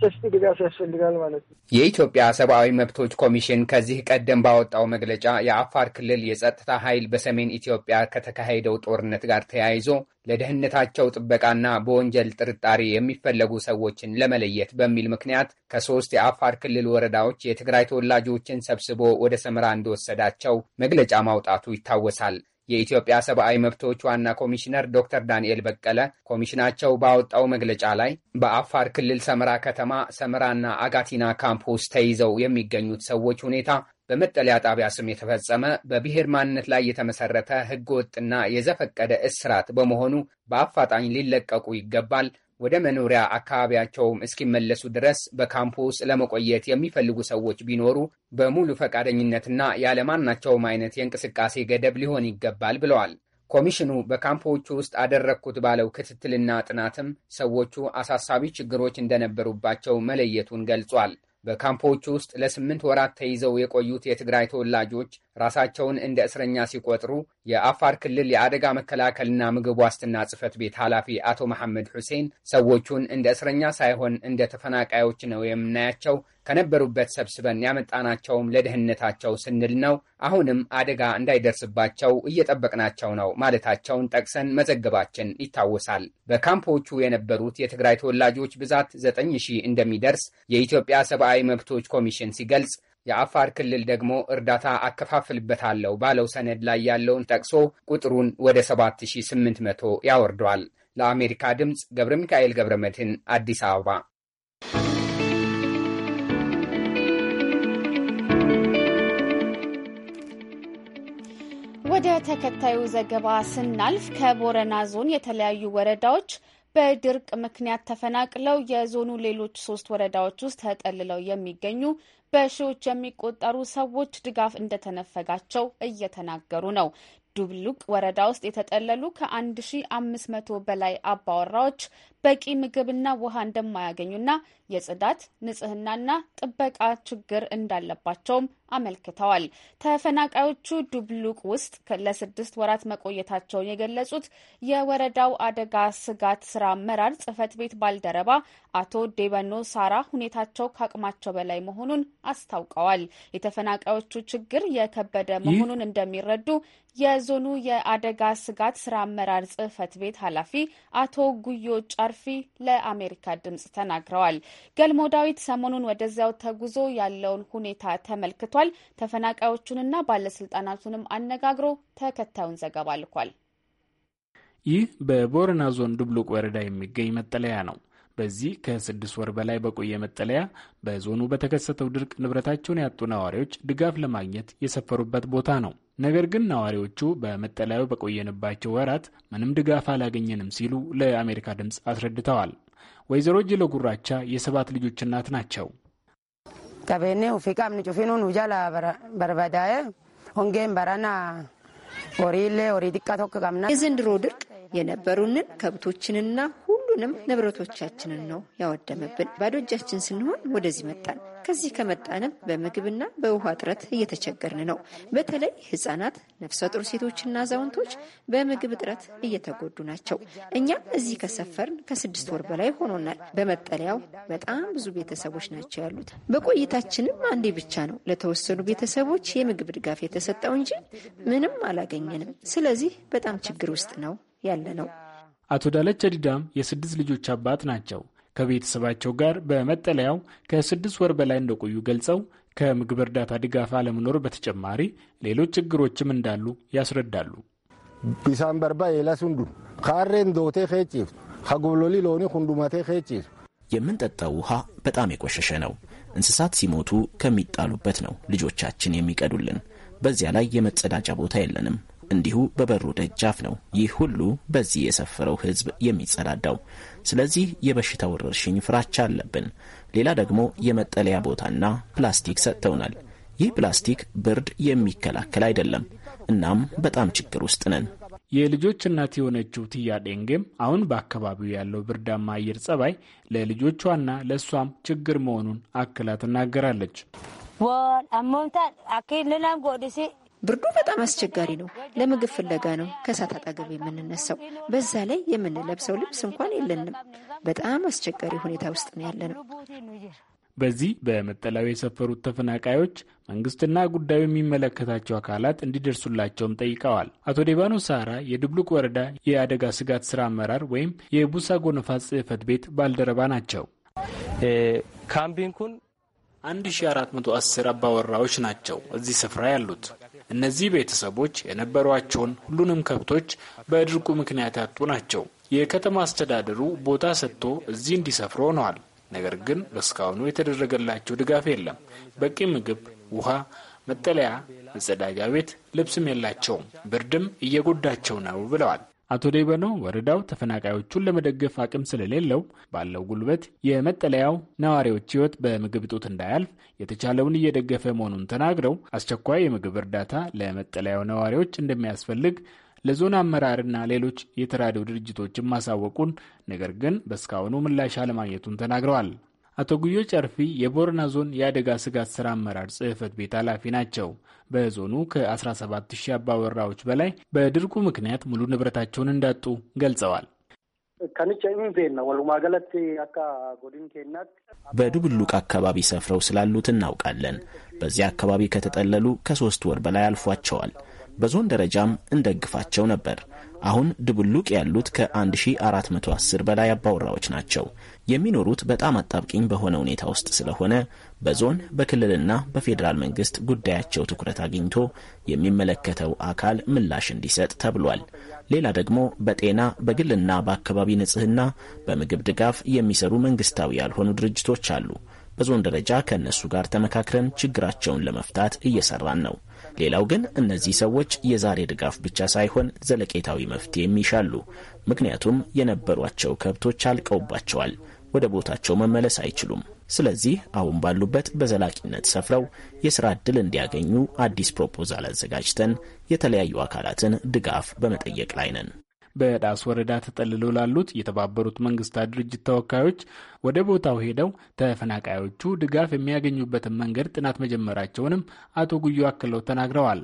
ሰፊ ድጋፍ ያስፈልጋል ማለት ነው። የኢትዮጵያ ሰብአዊ መብቶች ኮሚሽን ከዚህ ቀደም ባወጣው መግለጫ የአፋር ክልል የጸጥታ ኃይል በሰሜን ኢትዮጵያ ከተካሄደው ጦርነት ጋር ተያይዞ ለደህንነታቸው ጥበቃና በወንጀል ጥርጣሬ የሚፈለጉ ሰዎችን ለመለየት በሚል ምክንያት ከሶስት የአፋር ክልል ወረዳዎች የትግራይ ተወላጆችን ሰብስቦ ወደ ሰመራ እንደወሰዳቸው መግለጫ ማውጣቱ ይታወሳል። የኢትዮጵያ ሰብአዊ መብቶች ዋና ኮሚሽነር ዶክተር ዳንኤል በቀለ ኮሚሽናቸው ባወጣው መግለጫ ላይ በአፋር ክልል ሰመራ ከተማ ሰመራና አጋቲና ካምፖስ ተይዘው የሚገኙት ሰዎች ሁኔታ በመጠለያ ጣቢያ ስም የተፈጸመ በብሔር ማንነት ላይ የተመሰረተ ህገወጥና የዘፈቀደ እስራት በመሆኑ በአፋጣኝ ሊለቀቁ ይገባል፣ ወደ መኖሪያ አካባቢያቸውም እስኪመለሱ ድረስ በካምፕ ውስጥ ለመቆየት የሚፈልጉ ሰዎች ቢኖሩ በሙሉ ፈቃደኝነትና ያለማናቸውም አይነት የእንቅስቃሴ ገደብ ሊሆን ይገባል ብለዋል። ኮሚሽኑ በካምፖቹ ውስጥ አደረግኩት ባለው ክትትልና ጥናትም ሰዎቹ አሳሳቢ ችግሮች እንደነበሩባቸው መለየቱን ገልጿል። በካምፖቹ ውስጥ ለስምንት ወራት ተይዘው የቆዩት የትግራይ ተወላጆች ራሳቸውን እንደ እስረኛ ሲቆጥሩ የአፋር ክልል የአደጋ መከላከልና ምግብ ዋስትና ጽህፈት ቤት ኃላፊ አቶ መሐመድ ሁሴን ሰዎቹን እንደ እስረኛ ሳይሆን እንደ ተፈናቃዮች ነው የምናያቸው፣ ከነበሩበት ሰብስበን ያመጣናቸውም ለደህንነታቸው ስንል ነው፣ አሁንም አደጋ እንዳይደርስባቸው እየጠበቅናቸው ነው ማለታቸውን ጠቅሰን መዘገባችን ይታወሳል። በካምፖቹ የነበሩት የትግራይ ተወላጆች ብዛት ዘጠኝ ሺህ እንደሚደርስ የኢትዮጵያ ሰብአዊ መብቶች ኮሚሽን ሲገልጽ የአፋር ክልል ደግሞ እርዳታ አከፋፍልበታለሁ ባለው ሰነድ ላይ ያለውን ጠቅሶ ቁጥሩን ወደ 7800 ያወርደዋል። ለአሜሪካ ድምፅ ገብረ ሚካኤል ገብረ መድህን አዲስ አበባ። ወደ ተከታዩ ዘገባ ስናልፍ ከቦረና ዞን የተለያዩ ወረዳዎች በድርቅ ምክንያት ተፈናቅለው የዞኑ ሌሎች ሶስት ወረዳዎች ውስጥ ተጠልለው የሚገኙ በሺዎች የሚቆጠሩ ሰዎች ድጋፍ እንደተነፈጋቸው እየተናገሩ ነው። ዱብሉቅ ወረዳ ውስጥ የተጠለሉ ከ1500 በላይ አባወራዎች በቂ ምግብና ውሃ እንደማያገኙና የጽዳት ንጽህናና ጥበቃ ችግር እንዳለባቸውም አመልክተዋል። ተፈናቃዮቹ ዱብሉቅ ውስጥ ለስድስት ወራት መቆየታቸውን የገለጹት የወረዳው አደጋ ስጋት ስራ አመራር ጽህፈት ቤት ባልደረባ አቶ ዴበኖ ሳራ ሁኔታቸው ከአቅማቸው በላይ መሆኑን አስታውቀዋል። የተፈናቃዮቹ ችግር የከበደ መሆኑን እንደሚረዱ የዞኑ የአደጋ ስጋት ስራ አመራር ጽህፈት ቤት ኃላፊ አቶ ጉዮ ጫ ዳርፊ ለአሜሪካ ድምጽ ተናግረዋል። ገልሞ ዳዊት ሰሞኑን ወደዚያው ተጉዞ ያለውን ሁኔታ ተመልክቷል። ተፈናቃዮቹንና ባለስልጣናቱንም አነጋግሮ ተከታዩን ዘገባ ልኳል። ይህ በቦረና ዞን ዱብሉቅ ወረዳ የሚገኝ መጠለያ ነው። በዚህ ከስድስት ወር በላይ በቆየ መጠለያ በዞኑ በተከሰተው ድርቅ ንብረታቸውን ያጡ ነዋሪዎች ድጋፍ ለማግኘት የሰፈሩበት ቦታ ነው። ነገር ግን ነዋሪዎቹ በመጠለያው በቆየንባቸው ወራት ምንም ድጋፍ አላገኘንም ሲሉ ለአሜሪካ ድምፅ አስረድተዋል። ወይዘሮ ጅሎ ጉራቻ የሰባት ልጆች እናት ናቸው። ቀቤኔ ፊ ቃምኒ ጩፊኑን በርበዳየ ሆንጌን በረና ኦሪሌ ኦሪ ዲቃ ቶክ ቀምና የዘንድሮ ድርቅ የነበሩንን ከብቶችንና ሁሉንም ንብረቶቻችንን ነው ያወደመብን። ባዶ እጃችን ስንሆን ወደዚህ መጣን። ከዚህ ከመጣንም በምግብና በውሃ እጥረት እየተቸገርን ነው። በተለይ ህጻናት፣ ነፍሰ ጡር ሴቶችና አዛውንቶች በምግብ እጥረት እየተጎዱ ናቸው። እኛም እዚህ ከሰፈርን ከስድስት ወር በላይ ሆኖናል። በመጠለያው በጣም ብዙ ቤተሰቦች ናቸው ያሉት። በቆይታችንም አንዴ ብቻ ነው ለተወሰኑ ቤተሰቦች የምግብ ድጋፍ የተሰጠው እንጂ ምንም አላገኘንም። ስለዚህ በጣም ችግር ውስጥ ነው ያለ ነው። አቶ ዳለች ዲዳም የስድስት ልጆች አባት ናቸው። ከቤተሰባቸው ጋር በመጠለያው ከስድስት ወር በላይ እንደቆዩ ገልጸው ከምግብ እርዳታ ድጋፍ አለመኖር በተጨማሪ ሌሎች ችግሮችም እንዳሉ ያስረዳሉ። ቢሳን በርባ የላሱንዱ ካሬን ዶቴ ከጭፍ ከጉብሎሊ ሎኒ ሁንዱማቴ ከጭፍ የምንጠጣው ውሃ በጣም የቆሸሸ ነው። እንስሳት ሲሞቱ ከሚጣሉበት ነው ልጆቻችን የሚቀዱልን። በዚያ ላይ የመጸዳጃ ቦታ የለንም። እንዲሁ በበሩ ደጃፍ ነው ይህ ሁሉ በዚህ የሰፈረው ህዝብ የሚጸዳዳው። ስለዚህ የበሽታ ወረርሽኝ ፍራቻ አለብን። ሌላ ደግሞ የመጠለያ ቦታና ፕላስቲክ ሰጥተውናል። ይህ ፕላስቲክ ብርድ የሚከላከል አይደለም። እናም በጣም ችግር ውስጥ ነን። የልጆች እናት የሆነችው ትያ ዴንጌም አሁን በአካባቢው ያለው ብርዳማ አየር ጸባይ ለልጆቿና ለእሷም ችግር መሆኑን አክላ ትናገራለች። ብርዱ በጣም አስቸጋሪ ነው። ለምግብ ፍለጋ ነው ከእሳት አጠገብ የምንነሳው። በዛ ላይ የምንለብሰው ልብስ እንኳን የለንም። በጣም አስቸጋሪ ሁኔታ ውስጥ ነው ያለ ነው። በዚህ በመጠለያው የሰፈሩት ተፈናቃዮች መንግስትና ጉዳዩ የሚመለከታቸው አካላት እንዲደርሱላቸውም ጠይቀዋል። አቶ ዴባኖ ሳራ የድብሉቅ ወረዳ የአደጋ ስጋት ስራ አመራር ወይም የቡሳ ጎነፋ ጽህፈት ቤት ባልደረባ ናቸው። ካምቢንኩን 1410 አባወራዎች ናቸው እዚህ ስፍራ ያሉት። እነዚህ ቤተሰቦች የነበሯቸውን ሁሉንም ከብቶች በድርቁ ምክንያት ያጡ ናቸው። የከተማ አስተዳደሩ ቦታ ሰጥቶ እዚህ እንዲሰፍሩ ሆነዋል። ነገር ግን በእስካሁኑ የተደረገላቸው ድጋፍ የለም። በቂ ምግብ፣ ውሃ፣ መጠለያ፣ መጸዳጃ ቤት፣ ልብስም የላቸውም። ብርድም እየጎዳቸው ነው ብለዋል። አቶ ደበኖ ወረዳው ተፈናቃዮቹን ለመደገፍ አቅም ስለሌለው ባለው ጉልበት የመጠለያው ነዋሪዎች ህይወት በምግብ እጦት እንዳያልፍ የተቻለውን እየደገፈ መሆኑን ተናግረው አስቸኳይ የምግብ እርዳታ ለመጠለያው ነዋሪዎች እንደሚያስፈልግ ለዞን አመራርና ሌሎች የተራድኦ ድርጅቶችን ማሳወቁን ነገር ግን በእስካሁኑ ምላሽ አለማግኘቱን ተናግረዋል። አቶ ጉዮ ጨርፊ የቦረና ዞን የአደጋ ስጋት ስራ አመራር ጽህፈት ቤት ኃላፊ ናቸው። በዞኑ ከ17000 አባወራዎች በላይ በድርቁ ምክንያት ሙሉ ንብረታቸውን እንዳጡ ገልጸዋል። በድብሉቅ አካባቢ ሰፍረው ስላሉት እናውቃለን። በዚህ አካባቢ ከተጠለሉ ከሶስት ወር በላይ አልፏቸዋል። በዞን ደረጃም እንደግፋቸው ነበር። አሁን ድብሉቅ ያሉት ከ1410 በላይ አባወራዎች ናቸው። የሚኖሩት በጣም አጣብቂኝ በሆነ ሁኔታ ውስጥ ስለሆነ በዞን በክልልና በፌዴራል መንግስት ጉዳያቸው ትኩረት አግኝቶ የሚመለከተው አካል ምላሽ እንዲሰጥ ተብሏል። ሌላ ደግሞ በጤና በግልና በአካባቢ ንጽህና፣ በምግብ ድጋፍ የሚሰሩ መንግስታዊ ያልሆኑ ድርጅቶች አሉ። በዞን ደረጃ ከእነሱ ጋር ተመካክረን ችግራቸውን ለመፍታት እየሰራን ነው። ሌላው ግን እነዚህ ሰዎች የዛሬ ድጋፍ ብቻ ሳይሆን ዘለቄታዊ መፍትሄም ይሻሉ። ምክንያቱም የነበሯቸው ከብቶች አልቀውባቸዋል፣ ወደ ቦታቸው መመለስ አይችሉም። ስለዚህ አሁን ባሉበት በዘላቂነት ሰፍረው የሥራ ዕድል እንዲያገኙ አዲስ ፕሮፖዛል አዘጋጅተን የተለያዩ አካላትን ድጋፍ በመጠየቅ ላይ ነን። በዳስ ወረዳ ተጠልለው ላሉት የተባበሩት መንግስታት ድርጅት ተወካዮች ወደ ቦታው ሄደው ተፈናቃዮቹ ድጋፍ የሚያገኙበትን መንገድ ጥናት መጀመራቸውንም አቶ ጉዮ አክለው ተናግረዋል።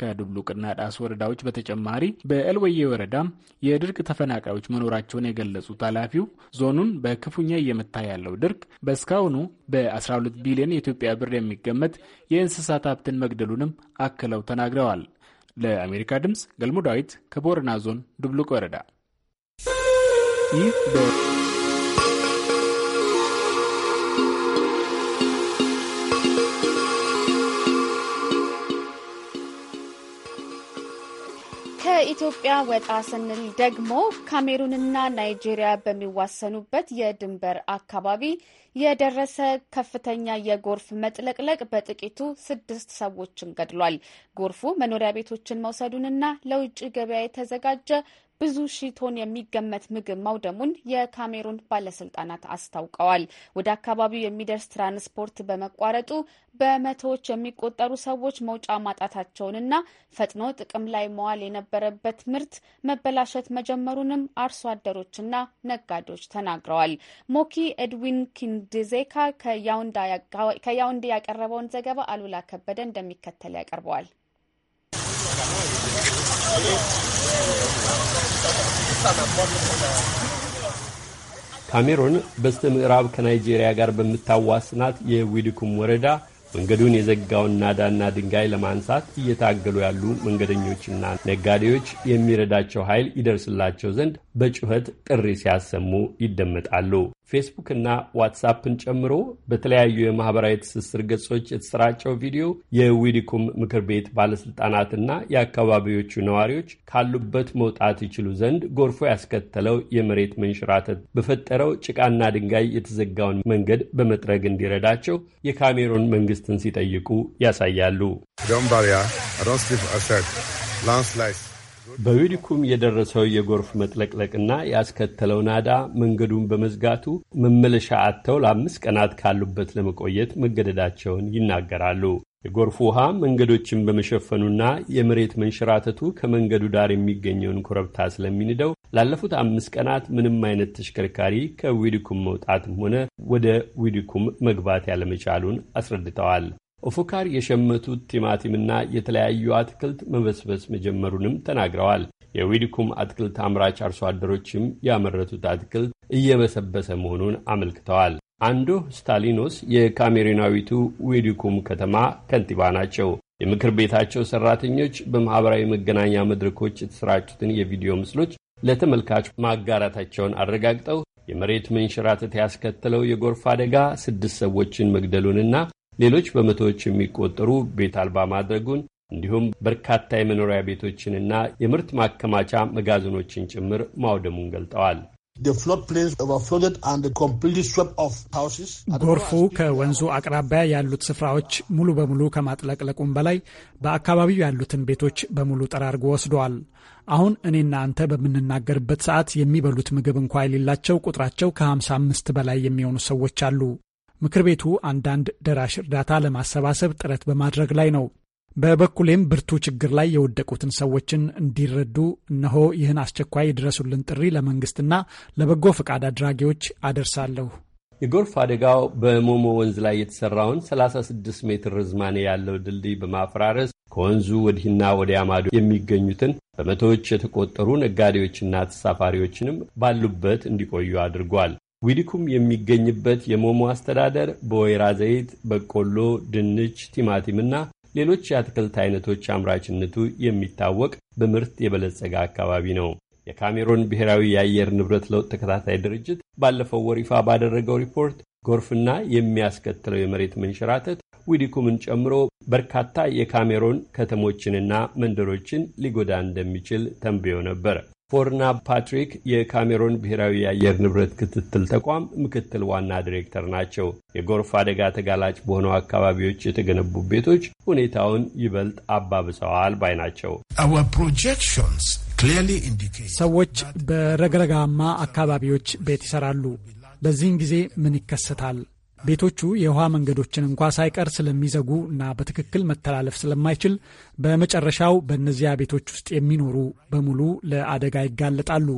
ከዱብሉቅና ዳስ ወረዳዎች በተጨማሪ በኤልወዬ ወረዳም የድርቅ ተፈናቃዮች መኖራቸውን የገለጹት ኃላፊው ዞኑን በክፉኛ እየመታ ያለው ድርቅ በእስካሁኑ በ12 ቢሊዮን የኢትዮጵያ ብር የሚገመት የእንስሳት ሀብትን መግደሉንም አክለው ተናግረዋል። ለአሜሪካ ድምፅ ገልሞ ዳዊት ከቦረና ዞን ዱብሉቅ ወረዳ ይህ ከኢትዮጵያ ወጣ ስንል ደግሞ ካሜሩንና ናይጄሪያ በሚዋሰኑበት የድንበር አካባቢ የደረሰ ከፍተኛ የጎርፍ መጥለቅለቅ በጥቂቱ ስድስት ሰዎችን ገድሏል። ጎርፉ መኖሪያ ቤቶችን መውሰዱንና ለውጭ ገበያ የተዘጋጀ ብዙ ሺ ቶን የሚገመት ምግብ ማውደሙን የካሜሩን ባለስልጣናት አስታውቀዋል። ወደ አካባቢው የሚደርስ ትራንስፖርት በመቋረጡ በመቶዎች የሚቆጠሩ ሰዎች መውጫ ማጣታቸውንና ፈጥኖ ጥቅም ላይ መዋል የነበረበት ምርት መበላሸት መጀመሩንም አርሶ አደሮችና ነጋዴዎች ተናግረዋል። ሞኪ ኤድዊን ኪንድዜካ ከያውንዴ ያቀረበውን ዘገባ አሉላ ከበደ እንደሚከተል ያቀርበዋል። ካሜሮን በስተ ምዕራብ ከናይጄሪያ ጋር በምታዋስናት የዊድኩም ወረዳ መንገዱን የዘጋውን ናዳና ድንጋይ ለማንሳት እየታገሉ ያሉ መንገደኞችና ነጋዴዎች የሚረዳቸው ኃይል ይደርስላቸው ዘንድ በጩኸት ጥሪ ሲያሰሙ ይደመጣሉ። ፌስቡክ እና ዋትሳፕን ጨምሮ በተለያዩ የማህበራዊ ትስስር ገጾች የተሰራጨው ቪዲዮ የዊዲኩም ምክር ቤት ባለስልጣናትና የአካባቢዎቹ ነዋሪዎች ካሉበት መውጣት ይችሉ ዘንድ ጎርፎ ያስከተለው የመሬት መንሸራተት በፈጠረው ጭቃና ድንጋይ የተዘጋውን መንገድ በመጥረግ እንዲረዳቸው የካሜሩን መንግስትን ሲጠይቁ ያሳያሉ። በዊድኩም የደረሰው የጎርፍ መጥለቅለቅና ያስከተለው ናዳ መንገዱን በመዝጋቱ መመለሻ አጥተው ለአምስት ቀናት ካሉበት ለመቆየት መገደዳቸውን ይናገራሉ። የጎርፉ ውሃ መንገዶችን በመሸፈኑና የመሬት መንሸራተቱ ከመንገዱ ዳር የሚገኘውን ኮረብታ ስለሚንደው ላለፉት አምስት ቀናት ምንም አይነት ተሽከርካሪ ከዊድኩም መውጣትም ሆነ ወደ ዊድኩም መግባት ያለመቻሉን አስረድተዋል። ኦፎካር የሸመቱት ቲማቲምና የተለያዩ አትክልት መበስበስ መጀመሩንም ተናግረዋል። የዊድኩም አትክልት አምራች አርሶ አደሮችም ያመረቱት አትክልት እየበሰበሰ መሆኑን አመልክተዋል። አንዶ ስታሊኖስ የካሜሩናዊቱ ዊድኩም ከተማ ከንቲባ ናቸው። የምክር ቤታቸው ሰራተኞች በማኅበራዊ መገናኛ መድረኮች የተሰራጩትን የቪዲዮ ምስሎች ለተመልካች ማጋራታቸውን አረጋግጠው የመሬት መንሸራተት ያስከተለው የጎርፍ አደጋ ስድስት ሰዎችን መግደሉንና ሌሎች በመቶዎች የሚቆጠሩ ቤት አልባ ማድረጉን እንዲሁም በርካታ የመኖሪያ ቤቶችንና የምርት ማከማቻ መጋዘኖችን ጭምር ማውደሙን ገልጠዋል። ጎርፉ ከወንዙ አቅራቢያ ያሉት ስፍራዎች ሙሉ በሙሉ ከማጥለቅለቁም በላይ በአካባቢው ያሉትን ቤቶች በሙሉ ጠራርጎ ወስደዋል። አሁን እኔና አንተ በምንናገርበት ሰዓት የሚበሉት ምግብ እንኳ የሌላቸው ቁጥራቸው ከ55 በላይ የሚሆኑ ሰዎች አሉ። ምክር ቤቱ አንዳንድ ደራሽ እርዳታ ለማሰባሰብ ጥረት በማድረግ ላይ ነው። በበኩሌም ብርቱ ችግር ላይ የወደቁትን ሰዎችን እንዲረዱ እነሆ ይህን አስቸኳይ የድረሱልን ጥሪ ለመንግስትና ለበጎ ፈቃድ አድራጊዎች አደርሳለሁ። የጎርፍ አደጋው በሞሞ ወንዝ ላይ የተሰራውን 36 ሜትር ርዝማኔ ያለው ድልድይ በማፈራረስ ከወንዙ ወዲህና ወዲያ ማዶ የሚገኙትን በመቶዎች የተቆጠሩ ነጋዴዎችና ተሳፋሪዎችንም ባሉበት እንዲቆዩ አድርጓል። ዊዲኩም የሚገኝበት የሞሞ አስተዳደር በወይራ ዘይት፣ በቆሎ፣ ድንች፣ ቲማቲምና ሌሎች የአትክልት አይነቶች አምራችነቱ የሚታወቅ በምርት የበለጸገ አካባቢ ነው። የካሜሮን ብሔራዊ የአየር ንብረት ለውጥ ተከታታይ ድርጅት ባለፈው ወር ይፋ ባደረገው ሪፖርት ጎርፍና የሚያስከትለው የመሬት መንሸራተት ዊዲኩምን ጨምሮ በርካታ የካሜሮን ከተሞችንና መንደሮችን ሊጎዳ እንደሚችል ተንብዮ ነበር። ፎርና ፓትሪክ የካሜሮን ብሔራዊ የአየር ንብረት ክትትል ተቋም ምክትል ዋና ዲሬክተር ናቸው። የጎርፍ አደጋ ተጋላጭ በሆነው አካባቢዎች የተገነቡ ቤቶች ሁኔታውን ይበልጥ አባብሰዋል ባይ ናቸው። ሰዎች በረግረጋማ አካባቢዎች ቤት ይሰራሉ። በዚህን ጊዜ ምን ይከሰታል? ቤቶቹ የውሃ መንገዶችን እንኳ ሳይቀር ስለሚዘጉ እና በትክክል መተላለፍ ስለማይችል በመጨረሻው በእነዚያ ቤቶች ውስጥ የሚኖሩ በሙሉ ለአደጋ ይጋለጣሉ።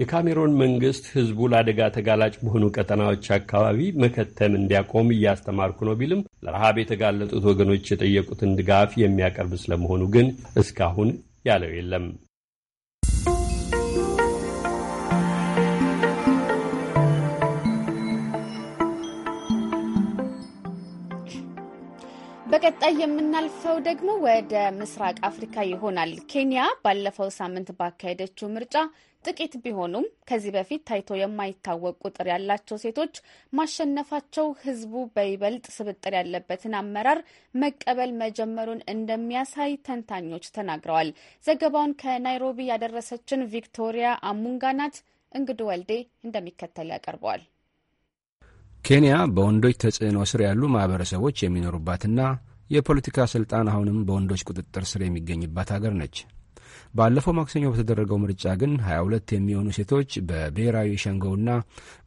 የካሜሮን መንግስት ህዝቡ ለአደጋ ተጋላጭ በሆኑ ቀጠናዎች አካባቢ መከተም እንዲያቆም እያስተማርኩ ነው ቢልም ለረሃብ የተጋለጡት ወገኖች የጠየቁትን ድጋፍ የሚያቀርብ ስለመሆኑ ግን እስካሁን ያለው የለም። በቀጣይ የምናልፈው ደግሞ ወደ ምስራቅ አፍሪካ ይሆናል። ኬንያ ባለፈው ሳምንት ባካሄደችው ምርጫ ጥቂት ቢሆኑም ከዚህ በፊት ታይቶ የማይታወቅ ቁጥር ያላቸው ሴቶች ማሸነፋቸው ሕዝቡ በይበልጥ ስብጥር ያለበትን አመራር መቀበል መጀመሩን እንደሚያሳይ ተንታኞች ተናግረዋል። ዘገባውን ከናይሮቢ ያደረሰችን ቪክቶሪያ አሙንጋ ናት። እንግዱ ወልዴ እንደሚከተል ያቀርበዋል። ኬንያ በወንዶች ተጽዕኖ ስር ያሉ ማኅበረሰቦች የሚኖሩባትና የፖለቲካ ሥልጣን አሁንም በወንዶች ቁጥጥር ስር የሚገኝባት አገር ነች። ባለፈው ማክሰኞ በተደረገው ምርጫ ግን 22 የሚሆኑ ሴቶች በብሔራዊ ሸንጎውና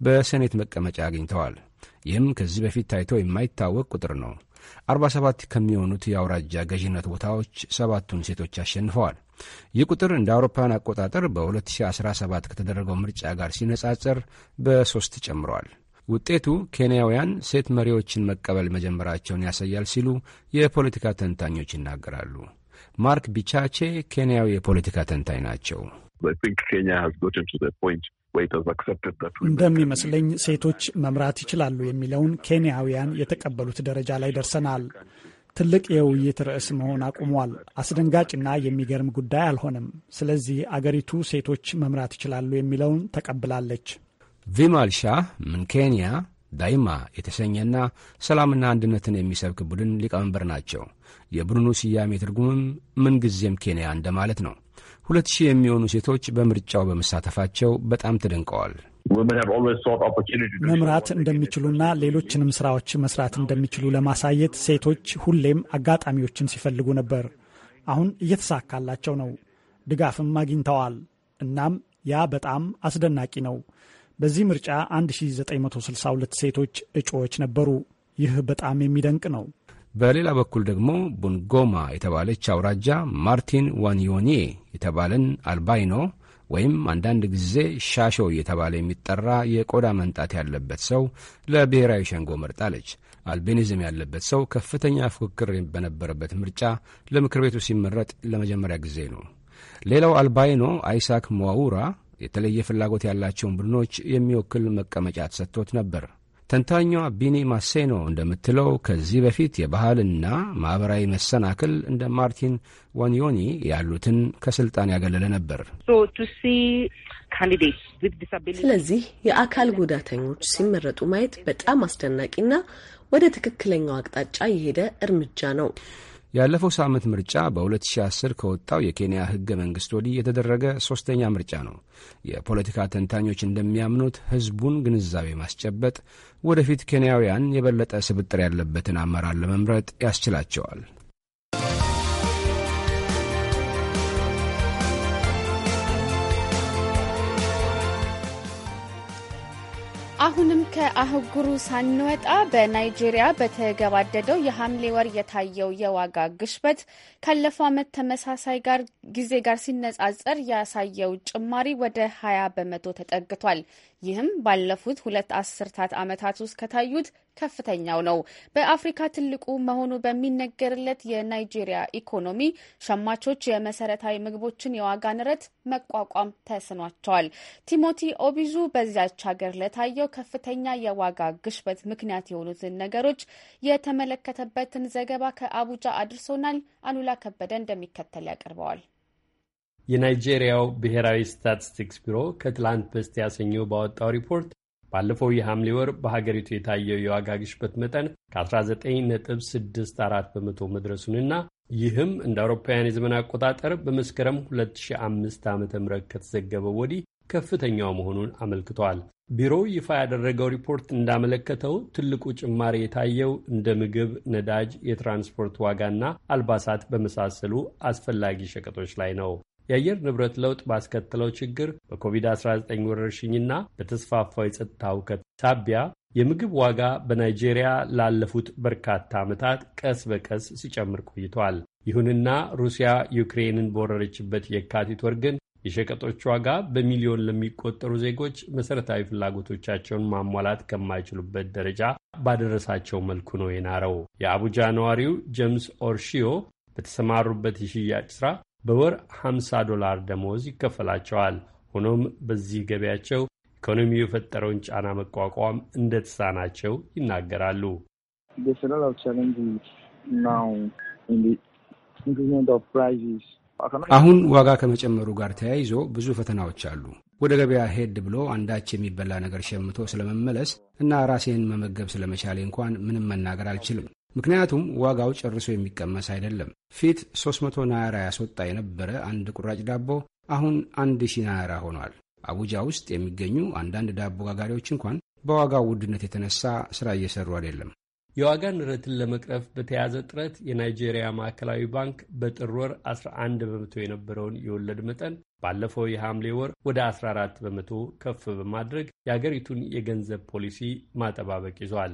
በሴኔት መቀመጫ አግኝተዋል። ይህም ከዚህ በፊት ታይቶ የማይታወቅ ቁጥር ነው። 47 ከሚሆኑት የአውራጃ ገዢነት ቦታዎች ሰባቱን ሴቶች አሸንፈዋል። ይህ ቁጥር እንደ አውሮፓውያን አቆጣጠር በ2017 ከተደረገው ምርጫ ጋር ሲነጻጸር በሦስት ጨምሯል። ውጤቱ ኬንያውያን ሴት መሪዎችን መቀበል መጀመራቸውን ያሳያል ሲሉ የፖለቲካ ተንታኞች ይናገራሉ። ማርክ ቢቻቼ ኬንያዊ የፖለቲካ ተንታኝ ናቸው። እንደሚመስለኝ ሴቶች መምራት ይችላሉ የሚለውን ኬንያውያን የተቀበሉት ደረጃ ላይ ደርሰናል። ትልቅ የውይይት ርዕስ መሆን አቁሟል። አስደንጋጭና የሚገርም ጉዳይ አልሆነም። ስለዚህ አገሪቱ ሴቶች መምራት ይችላሉ የሚለውን ተቀብላለች። ቪማል ሻህ ምን ኬንያ ዳይማ የተሰኘና ሰላምና አንድነትን የሚሰብክ ቡድን ሊቀመንበር ናቸው። የቡድኑ ስያሜ ትርጉምም ምንጊዜም ኬንያ እንደማለት ነው። ሁለት ሺህ የሚሆኑ ሴቶች በምርጫው በመሳተፋቸው በጣም ተደንቀዋል። መምራት እንደሚችሉና ሌሎችንም ስራዎች መስራት እንደሚችሉ ለማሳየት ሴቶች ሁሌም አጋጣሚዎችን ሲፈልጉ ነበር። አሁን እየተሳካላቸው ነው። ድጋፍም አግኝተዋል። እናም ያ በጣም አስደናቂ ነው። በዚህ ምርጫ 1962 ሴቶች እጩዎች ነበሩ። ይህ በጣም የሚደንቅ ነው። በሌላ በኩል ደግሞ ቡንጎማ የተባለች አውራጃ ማርቲን ዋንዮኒ የተባለን አልባይኖ ወይም አንዳንድ ጊዜ ሻሾ እየተባለ የሚጠራ የቆዳ መንጣት ያለበት ሰው ለብሔራዊ ሸንጎ መርጣለች። አልቤኒዝም ያለበት ሰው ከፍተኛ ፉክክር በነበረበት ምርጫ ለምክር ቤቱ ሲመረጥ ለመጀመሪያ ጊዜ ነው። ሌላው አልባይኖ አይሳክ ሞዋውራ የተለየ ፍላጎት ያላቸውን ቡድኖች የሚወክል መቀመጫ ተሰጥቶት ነበር። ተንታኟ ቢኒ ማሴኖ እንደምትለው ከዚህ በፊት የባህልና ማኅበራዊ መሰናክል እንደ ማርቲን ዋንዮኒ ያሉትን ከስልጣን ያገለለ ነበር። ስለዚህ የአካል ጉዳተኞች ሲመረጡ ማየት በጣም አስደናቂና ወደ ትክክለኛው አቅጣጫ የሄደ እርምጃ ነው። ያለፈው ሳምንት ምርጫ በ2010 ከወጣው የኬንያ ህገ መንግሥት ወዲህ የተደረገ ሦስተኛ ምርጫ ነው። የፖለቲካ ተንታኞች እንደሚያምኑት ሕዝቡን ግንዛቤ ማስጨበጥ ወደፊት ኬንያውያን የበለጠ ስብጥር ያለበትን አመራር ለመምረጥ ያስችላቸዋል። አሁንም ከአህጉሩ ሳንወጣ በናይጄሪያ በተገባደደው የሐምሌ ወር የታየው የዋጋ ግሽበት ካለፈው ዓመት ተመሳሳይ ጋር ጊዜ ጋር ሲነጻጸር ያሳየው ጭማሪ ወደ 20 በመቶ ተጠግቷል። ይህም ባለፉት ሁለት አስርታት ዓመታት ውስጥ ከታዩት ከፍተኛው ነው። በአፍሪካ ትልቁ መሆኑ በሚነገርለት የናይጄሪያ ኢኮኖሚ ሸማቾች የመሰረታዊ ምግቦችን የዋጋ ንረት መቋቋም ተስኗቸዋል። ቲሞቲ ኦቢዙ በዚያች ሀገር ለታየው ከፍተኛ ለከፍተኛ የዋጋ ግሽበት ምክንያት የሆኑትን ነገሮች የተመለከተበትን ዘገባ ከአቡጃ አድርሶናል። አሉላ ከበደ እንደሚከተል ያቀርበዋል። የናይጄሪያው ብሔራዊ ስታቲስቲክስ ቢሮ ከትላንት በስቲያ ሰኞ ባወጣው ሪፖርት ባለፈው የሐምሌ ወር በሀገሪቱ የታየው የዋጋ ግሽበት መጠን ከ19.64 በመቶ መድረሱንና ይህም እንደ አውሮፓውያን የዘመን አቆጣጠር በመስከረም 2005 ዓ ም ከተዘገበው ወዲህ ከፍተኛው መሆኑን አመልክቷል። ቢሮው ይፋ ያደረገው ሪፖርት እንዳመለከተው ትልቁ ጭማሪ የታየው እንደ ምግብ፣ ነዳጅ፣ የትራንስፖርት ዋጋና አልባሳት በመሳሰሉ አስፈላጊ ሸቀጦች ላይ ነው። የአየር ንብረት ለውጥ ባስከተለው ችግር በኮቪድ-19 ወረርሽኝና በተስፋፋው የጸጥታ ውከት ሳቢያ የምግብ ዋጋ በናይጄሪያ ላለፉት በርካታ ዓመታት ቀስ በቀስ ሲጨምር ቆይቷል። ይሁንና ሩሲያ ዩክሬንን በወረረችበት የካቲት ወር ግን የሸቀጦች ዋጋ በሚሊዮን ለሚቆጠሩ ዜጎች መሠረታዊ ፍላጎቶቻቸውን ማሟላት ከማይችሉበት ደረጃ ባደረሳቸው መልኩ ነው የናረው። የአቡጃ ነዋሪው ጄምስ ኦርሺዮ በተሰማሩበት የሽያጭ ሥራ በወር 50 ዶላር ደመወዝ ይከፈላቸዋል። ሆኖም በዚህ ገቢያቸው ኢኮኖሚው የፈጠረውን ጫና መቋቋም እንደተሳናቸው ይናገራሉ። አሁን ዋጋ ከመጨመሩ ጋር ተያይዞ ብዙ ፈተናዎች አሉ። ወደ ገበያ ሄድ ብሎ አንዳች የሚበላ ነገር ሸምቶ ስለመመለስ እና ራሴን መመገብ ስለመቻሌ እንኳን ምንም መናገር አልችልም። ምክንያቱም ዋጋው ጨርሶ የሚቀመስ አይደለም። ፊት 300 ናያራ ያስወጣ የነበረ አንድ ቁራጭ ዳቦ አሁን 1000 ናያራ ሆኗል። አቡጃ ውስጥ የሚገኙ አንዳንድ ዳቦ ጋጋሪዎች እንኳን በዋጋው ውድነት የተነሳ ሥራ እየሰሩ አይደለም። የዋጋ ንረትን ለመቅረፍ በተያዘ ጥረት የናይጄሪያ ማዕከላዊ ባንክ በጥር ወር 11 በመቶ የነበረውን የወለድ መጠን ባለፈው የሐምሌ ወር ወደ 14 በመቶ ከፍ በማድረግ የአገሪቱን የገንዘብ ፖሊሲ ማጠባበቅ ይዟል።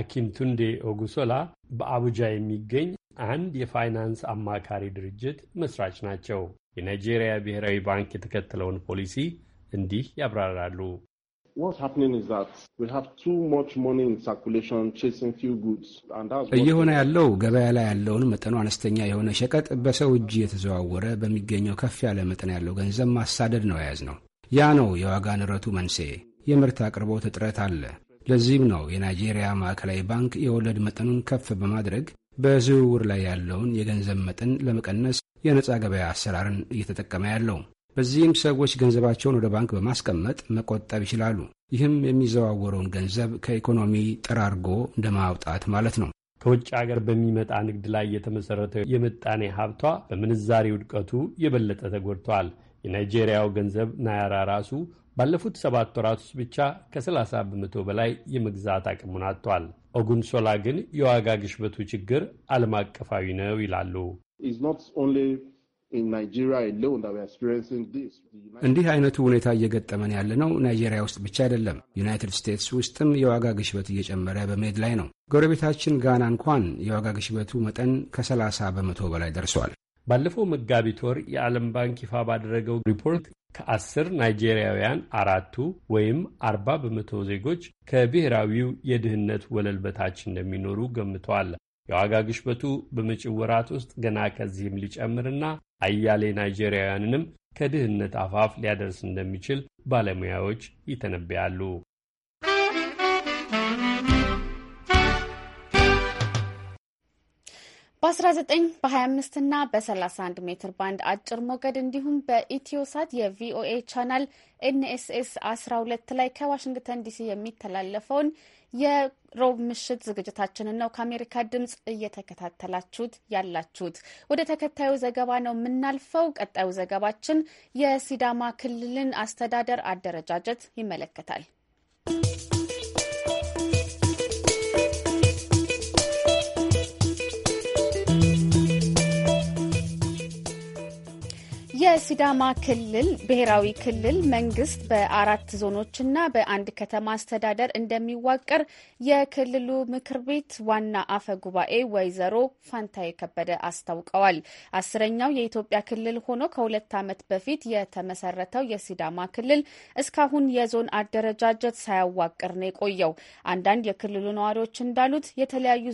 አኪም ቱንዴ ኦጉሶላ በአቡጃ የሚገኝ አንድ የፋይናንስ አማካሪ ድርጅት መስራች ናቸው። የናይጄሪያ ብሔራዊ ባንክ የተከተለውን ፖሊሲ እንዲህ ያብራራሉ። እየሆነ ያለው ገበያ ላይ ያለውን መጠኑ አነስተኛ የሆነ ሸቀጥ በሰው እጅ የተዘዋወረ በሚገኘው ከፍ ያለ መጠን ያለው ገንዘብ ማሳደድ ነው የያዝ ነው። ያ ነው የዋጋ ንረቱ መንስኤ። የምርት አቅርቦት እጥረት አለ። ለዚህም ነው የናይጄሪያ ማዕከላዊ ባንክ የወለድ መጠኑን ከፍ በማድረግ በዝውውር ላይ ያለውን የገንዘብ መጠን ለመቀነስ የነፃ ገበያ አሰራርን እየተጠቀመ ያለው። በዚህም ሰዎች ገንዘባቸውን ወደ ባንክ በማስቀመጥ መቆጠብ ይችላሉ። ይህም የሚዘዋወረውን ገንዘብ ከኢኮኖሚ ጠራርጎ እንደማውጣት ማለት ነው። ከውጭ ሀገር በሚመጣ ንግድ ላይ የተመሠረተው የምጣኔ ሀብቷ በምንዛሬ ውድቀቱ የበለጠ ተጎድቷል። የናይጄሪያው ገንዘብ ናያራ ራሱ ባለፉት ሰባት ወራት ውስጥ ብቻ ከ30 በመቶ በላይ የመግዛት አቅሙን አጥቷል። ኦጉንሶላ ግን የዋጋ ግሽበቱ ችግር ዓለም አቀፋዊ ነው ይላሉ። እንዲህ አይነቱ ሁኔታ እየገጠመን ያለ ነው ናይጄሪያ ውስጥ ብቻ አይደለም። ዩናይትድ ስቴትስ ውስጥም የዋጋ ግሽበት እየጨመረ በመሄድ ላይ ነው። ጎረቤታችን ጋና እንኳን የዋጋ ግሽበቱ መጠን ከ30 በመቶ በላይ ደርሷል። ባለፈው መጋቢት ወር የዓለም ባንክ ይፋ ባደረገው ሪፖርት ከአስር ናይጄሪያውያን አራቱ ወይም አርባ በመቶ ዜጎች ከብሔራዊው የድህነት ወለል በታች እንደሚኖሩ ገምተዋል። የዋጋ ግሽበቱ በመጪው ወራት ውስጥ ገና ከዚህም ሊጨምርና አያሌ ናይጄሪያውያንንም ከድህነት አፋፍ ሊያደርስ እንደሚችል ባለሙያዎች ይተነብያሉ። በ19 በ25 እና በ31 ሜትር ባንድ አጭር ሞገድ እንዲሁም በኢትዮሳት የቪኦኤ ቻናል ኤንኤስኤስ 12 ላይ ከዋሽንግተን ዲሲ የሚተላለፈውን የሮብ ምሽት ዝግጅታችንን ነው ከአሜሪካ ድምጽ እየተከታተላችሁት ያላችሁት። ወደ ተከታዩ ዘገባ ነው የምናልፈው። ቀጣዩ ዘገባችን የሲዳማ ክልልን አስተዳደር አደረጃጀት ይመለከታል። የሲዳማ ክልል ብሔራዊ ክልል መንግስት በአራት ዞኖችና በአንድ ከተማ አስተዳደር እንደሚዋቀር የክልሉ ምክር ቤት ዋና አፈ ጉባኤ ወይዘሮ ፋንታ የከበደ አስታውቀዋል። አስረኛው የኢትዮጵያ ክልል ሆኖ ከሁለት ዓመት በፊት የተመሰረተው የሲዳማ ክልል እስካሁን የዞን አደረጃጀት ሳያዋቅር ነው የቆየው። አንዳንድ የክልሉ ነዋሪዎች እንዳሉት የተለያዩ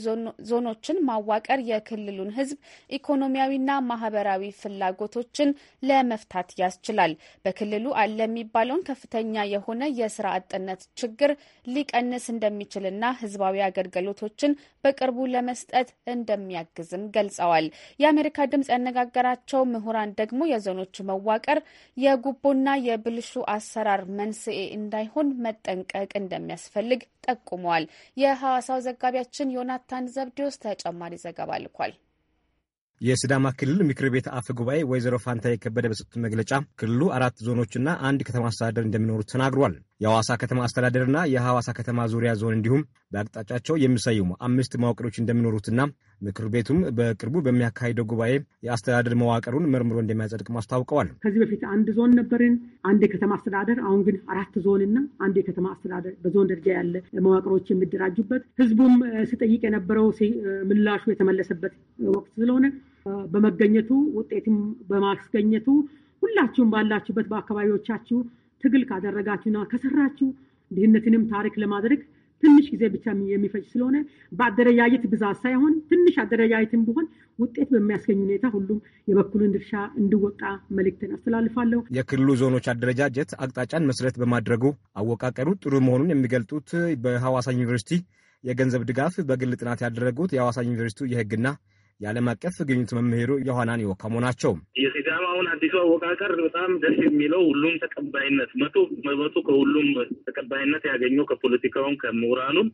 ዞኖችን ማዋቀር የክልሉን ህዝብ ኢኮኖሚያዊና ማህበራዊ ፍላጎቶችን ለመፍታት ያስችላል። በክልሉ አለ የሚባለውን ከፍተኛ የሆነ የስራ አጥነት ችግር ሊቀንስ እንደሚችልና ህዝባዊ አገልግሎቶችን በቅርቡ ለመስጠት እንደሚያግዝም ገልጸዋል። የአሜሪካ ድምጽ ያነጋገራቸው ምሁራን ደግሞ የዞኖች መዋቅር የጉቦና የብልሹ አሰራር መንስኤ እንዳይሆን መጠንቀቅ እንደሚያስፈልግ ጠቁመዋል። የሐዋሳው ዘጋቢያችን ዮናታን ዘብዴዎስ ተጨማሪ ዘገባ ልኳል። የስዳማ ክልል ምክር ቤት አፈ ጉባኤ ወይዘሮ ፋንታ የከበደ በሰጡት መግለጫ ክልሉ አራት ዞኖችና አንድ ከተማ አስተዳደር እንደሚኖሩት ተናግሯል። የሐዋሳ ከተማ አስተዳደርና የሐዋሳ ከተማ ዙሪያ ዞን እንዲሁም በአቅጣጫቸው የሚሰይሙ አምስት መዋቅሮች እንደሚኖሩትና ምክር ቤቱም በቅርቡ በሚያካሂደው ጉባኤ የአስተዳደር መዋቅሩን መርምሮ እንደሚያጸድቅ አስታውቀዋል። ከዚህ በፊት አንድ ዞን ነበርን፣ አንድ የከተማ አስተዳደር፣ አሁን ግን አራት ዞንና አንድ የከተማ አስተዳደር በዞን ደረጃ ያለ መዋቅሮች የሚደራጁበት ህዝቡም ሲጠይቅ የነበረው ምላሹ የተመለሰበት ወቅት ስለሆነ በመገኘቱ ውጤትም በማስገኘቱ ሁላችሁም ባላችሁበት በአካባቢዎቻችሁ ትግል ካደረጋችሁና ከሰራችሁ ድህነትንም ታሪክ ለማድረግ ትንሽ ጊዜ ብቻ የሚፈጅ ስለሆነ በአደረጃጀት ብዛት ሳይሆን ትንሽ አደረጃጀትም ቢሆን ውጤት በሚያስገኝ ሁኔታ ሁሉም የበኩሉን ድርሻ እንዲወጣ መልእክትን አስተላልፋለሁ። የክልሉ ዞኖች አደረጃጀት አቅጣጫን መሰረት በማድረጉ አወቃቀሩ ጥሩ መሆኑን የሚገልጡት በሐዋሳ ዩኒቨርሲቲ የገንዘብ ድጋፍ በግል ጥናት ያደረጉት የሐዋሳ ዩኒቨርሲቲ የሕግና የዓለም አቀፍ ግኙት መምህሩ ዮሐናን የወከሙ ናቸው። የሲዳማ አሁን አዲሱ አወቃቀር በጣም ደስ የሚለው ሁሉም ተቀባይነት መቶ መቶ ከሁሉም ተቀባይነት ያገኘው ከፖለቲካውም ከምሁራኑም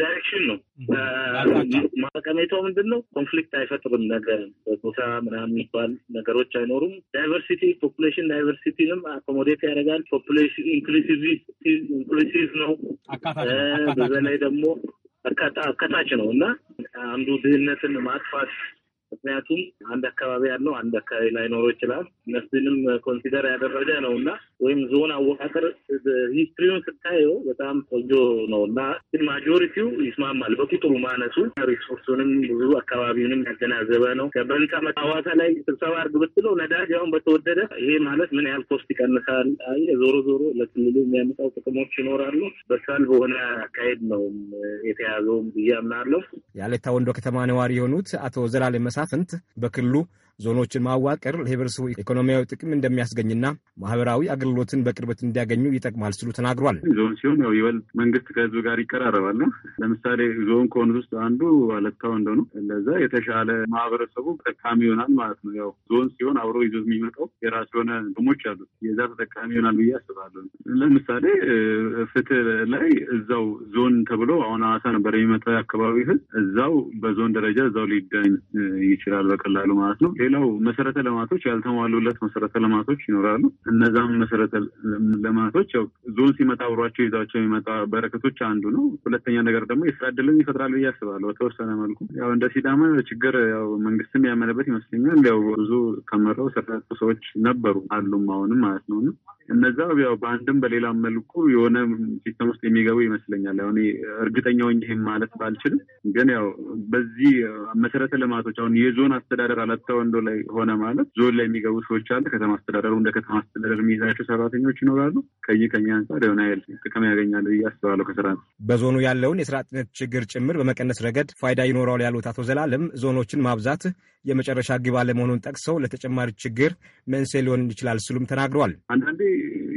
ዳይሬክሽን ነው። ጠቀሜታው ምንድን ነው? ኮንፍሊክት አይፈጥርም። ነገር ቦታ ምናምን የሚባል ነገሮች አይኖሩም። ዳይቨርሲቲ ፖፕሌሽን ዳይቨርሲቲንም አኮሞዴት ያደርጋል። ፖፑሌሽን ኢንክሉሲቭ ነው። በዛ ላይ ደግሞ አካታች ነው እና አንዱ ድህነትን ማጥፋት ምክንያቱም አንድ አካባቢ ያለው አንድ አካባቢ ላይኖረው ይችላል። እነሱንም ኮንሲደር ያደረገ ነው እና ወይም ዞን አወቃቀር ሂስትሪውን ስታየው በጣም ቆንጆ ነው እና ግን ማጆሪቲው ይስማማል። በቁጥሩ ማነሱ ሪሶርሱንም ብዙ አካባቢውንም ያገናዘበ ነው። በህንፃ መዋሳ ላይ ስብሰባ አድርግ ብትለው ነዳጅ አሁን በተወደደ ይሄ ማለት ምን ያህል ኮስት ይቀንሳል። አይ ዞሮ ዞሮ ለክልሉ የሚያመጣው ጥቅሞች ይኖራሉ። በሳል በሆነ አካሄድ ነው የተያዘውም ብዬ አምናለሁ። የአለታ ወንዶ ከተማ ነዋሪ የሆኑት አቶ ዘላለ መሳፍንት በክልሉ ዞኖችን ማዋቀር ለህብረተሰቡ ኢኮኖሚያዊ ጥቅም እንደሚያስገኝና ማህበራዊ አገልግሎትን በቅርበት እንዲያገኙ ይጠቅማል ሲሉ ተናግሯል። ዞን ሲሆን ያው ይበልጥ መንግስት ከህዝብ ጋር ይቀራረባል ነው። ለምሳሌ ዞን ከሆኑት ውስጥ አንዱ አለታ ወንዶ ነው። ለዛ የተሻለ ማህበረሰቡ ተጠቃሚ ይሆናል ማለት ነው። ያው ዞን ሲሆን አብሮ ይዞ የሚመጣው የራሱ የሆነ ጥቅሞች አሉት። የዛ ተጠቃሚ ይሆናል ብዬ አስባለሁ። ለምሳሌ ፍትህ ላይ እዛው ዞን ተብሎ አሁን ሐዋሳ ነበር የሚመጣው አካባቢ ህዝብ እዛው በዞን ደረጃ እዛው ሊዳኝ ይችላል በቀላሉ ማለት ነው። ሌላው መሰረተ ልማቶች ያልተሟሉለት መሰረተ ልማቶች ይኖራሉ። እነዛም መሰረተ ልማቶች ያው ዞን ሲመጣ አብሯቸው ይዛቸው የሚመጣ በረከቶች አንዱ ነው። ሁለተኛ ነገር ደግሞ የስራ እድልን ይፈጥራል ብዬ አስባለሁ። በተወሰነ መልኩ ያው እንደ ሲዳማ ችግር ያው መንግስትም ያመነበት ይመስለኛል። ያው ብዙ ከመረው ሰራቱ ሰዎች ነበሩ አሉም አሁንም ማለት ነው። እነዛ ያው በአንድም በሌላ መልኩ የሆነ ሲስተም ውስጥ የሚገቡ ይመስለኛል። ያው እኔ እርግጠኛ ሆኜ ማለት ባልችልም፣ ግን ያው በዚህ መሰረተ ልማቶች አሁን የዞን አስተዳደር አላታ ወንዶ ላይ ሆነ ማለት ዞን ላይ የሚገቡ ሰዎች አለ፣ ከተማ አስተዳደሩ እንደ ከተማ አስተዳደር የሚይዛቸው ሰራተኞች ይኖራሉ። ከይ ከኛ አንጻር የሆነ ያህል ጥቅም ያገኛሉ ብዬ አስባለሁ። ከስራ በዞኑ ያለውን የስራ አጥነት ችግር ጭምር በመቀነስ ረገድ ፋይዳ ይኖረዋል ያሉት አቶ ዘላለም ዞኖችን ማብዛት የመጨረሻ ግብ አለመሆኑን ጠቅሰው ለተጨማሪ ችግር መንስኤ ሊሆን ይችላል ሲሉም ተናግረዋል። አንዳንዴ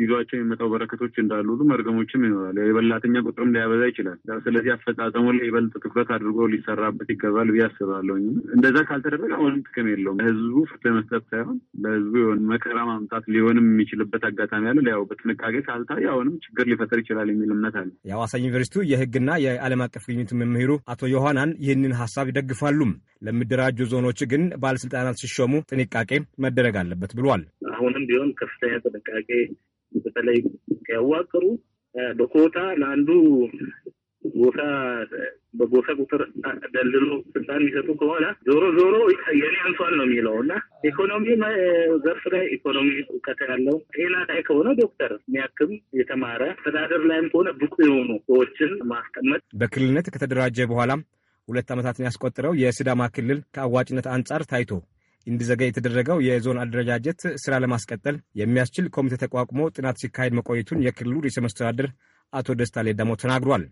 ይዟቸው የሚመጣው በረከቶች እንዳሉ ሁሉ መርገሞችም ይኖራል። የበላተኛ ቁጥርም ሊያበዛ ይችላል። ስለዚህ አፈጻጸሙ ላይ ይበልጥ ትኩረት አድርጎ ሊሰራበት ይገባል ብዬ አስባለሁ። እንደዛ ካልተደረገ አሁንም ጥቅም የለውም። ለህዝቡ ፍትህ መስጠት ሳይሆን ለህዝቡ የሆነ መከራ ማምጣት ሊሆንም የሚችልበት አጋጣሚ አለ። ያው በጥንቃቄ ካልታየ አሁንም ችግር ሊፈጠር ይችላል የሚል እምነት አለ። የአዋሳ ዩኒቨርሲቲው የህግና የዓለም አቀፍ ግንኙነት መምህሩ አቶ ዮሐናን ይህንን ሀሳብ ይደግፋሉ። ለሚደራጁ ዞኖች ግን ባለስልጣናት ሲሾሙ ጥንቃቄ መደረግ አለበት ብሏል። አሁንም ቢሆን ከፍተኛ ጥንቃቄ በተለይ ሲያዋቅሩ በኮታ ለአንዱ ጎሳ በጎሳ ቁጥር ደልሎ ስልጣን የሚሰጡ ከሆነ ዞሮ ዞሮ የኔ አንሷል ነው የሚለው እና ኢኮኖሚ ዘርፍ ላይ ኢኮኖሚ እውቀት ያለው ጤና ላይ ከሆነ ዶክተር የሚያክም የተማረ አስተዳደር ላይም ከሆነ ብቁ የሆኑ ሰዎችን ማስቀመጥ በክልልነት ከተደራጀ በኋላ ሁለት ዓመታትን ያስቆጠረው የስዳማ ክልል ከአዋጭነት አንጻር ታይቶ እንዲዘጋ የተደረገው የዞን አደረጃጀት ስራ ለማስቀጠል የሚያስችል ኮሚቴ ተቋቁሞ ጥናት ሲካሄድ መቆየቱን የክልሉ ርዕሰ መስተዳድር አቶ ደስታ ሌዳሞ ተናግሯል።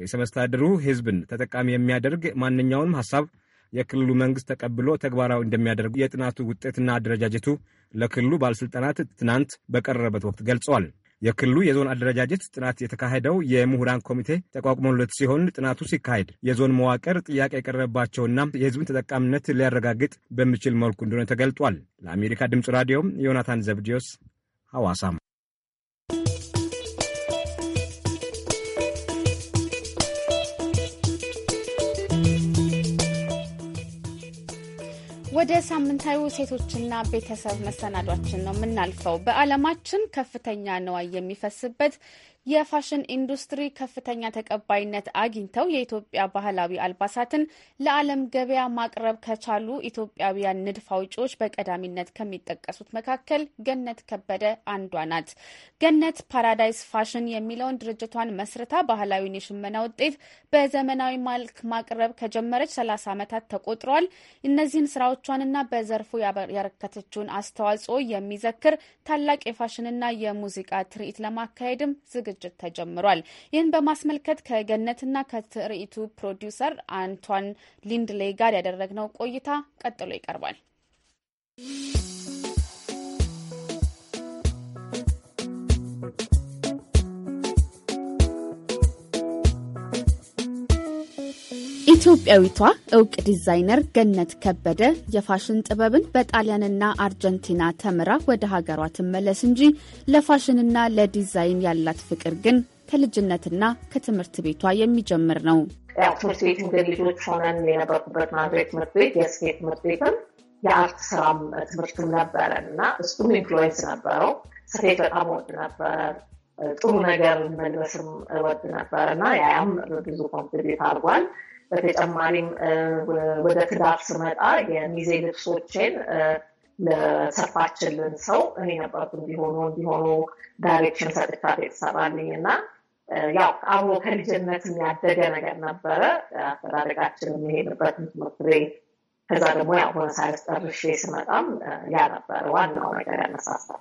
ርዕሰ መስተዳድሩ ህዝብን ተጠቃሚ የሚያደርግ ማንኛውንም ሀሳብ የክልሉ መንግስት ተቀብሎ ተግባራዊ እንደሚያደርጉ የጥናቱ ውጤትና አደረጃጀቱ ለክልሉ ባለሥልጣናት ትናንት በቀረበበት ወቅት ገልጸዋል። የክልሉ የዞን አደረጃጀት ጥናት የተካሄደው የምሁራን ኮሚቴ ተቋቁሞለት ሲሆን ጥናቱ ሲካሄድ የዞን መዋቅር ጥያቄ የቀረበባቸውና የህዝብን ተጠቃሚነት ሊያረጋግጥ በሚችል መልኩ እንደሆነ ተገልጧል። ለአሜሪካ ድምፅ ራዲዮም ዮናታን ዘብዲዮስ ሐዋሳም ወደ ሳምንታዊ ሴቶችና ቤተሰብ መሰናዷችን ነው የምናልፈው። በዓለማችን ከፍተኛ ነዋይ የሚፈስበት የፋሽን ኢንዱስትሪ ከፍተኛ ተቀባይነት አግኝተው የኢትዮጵያ ባህላዊ አልባሳትን ለዓለም ገበያ ማቅረብ ከቻሉ ኢትዮጵያውያን ንድፍ አውጪዎች በቀዳሚነት ከሚጠቀሱት መካከል ገነት ከበደ አንዷ ናት። ገነት ፓራዳይስ ፋሽን የሚለውን ድርጅቷን መስርታ ባህላዊን የሽመና ውጤት በዘመናዊ መልክ ማቅረብ ከጀመረች ሰላሳ ዓመታት ተቆጥሯል። እነዚህን ስራዎቿንና በዘርፉ ያበረከተችውን አስተዋጽኦ የሚዘክር ታላቅ የፋሽንና የሙዚቃ ትርኢት ለማካሄድም ዝግ ዝግጅት ተጀምሯል። ይህን በማስመልከት ከገነትና ከትርኢቱ ፕሮዲውሰር አንቷን ሊንድሌይ ጋር ያደረግነው ቆይታ ቀጥሎ ይቀርባል። ኢትዮጵያዊቷ እውቅ ዲዛይነር ገነት ከበደ የፋሽን ጥበብን በጣሊያንና አርጀንቲና ተምራ ወደ ሀገሯ ትመለስ እንጂ ለፋሽንና ለዲዛይን ያላት ፍቅር ግን ከልጅነትና ከትምህርት ቤቷ የሚጀምር ነው። ትምህርት ቤት እንደ ልጆች ሆነን የነበርኩበት ማግሬ ትምህርት ቤት የስፌ ትምህርት ቤትም የአርት ስራም ትምህርትም ነበረን እና እሱም ኢንፍሉዌንስ ነበረው። ስፌት በጣም ወድ ነበረ። ጥሩ ነገር መልበስም ወድ ነበረ እና ያም ብዙ ኮንትሪቢዩት አድርጓል። በተጨማሪም ወደ ትዳር ስመጣ የሚዜ ልብሶችን ለሰፋችልን ሰው እኔ ነበርኩ እንዲሆኑ እንዲሆኑ ዳይሬክሽን ሰጥቻት የተሰራልኝ እና ያው አብሮ ከልጅነት የሚያደገ ነገር ነበረ። አስተዳደጋችን የሚሄድበትን ትምህርት ቤት ከዛ ደግሞ ያው ሆነ ሳይስ ጠርሼ ስመጣም ያ ነበር ዋናው ነገር ያነሳሳል።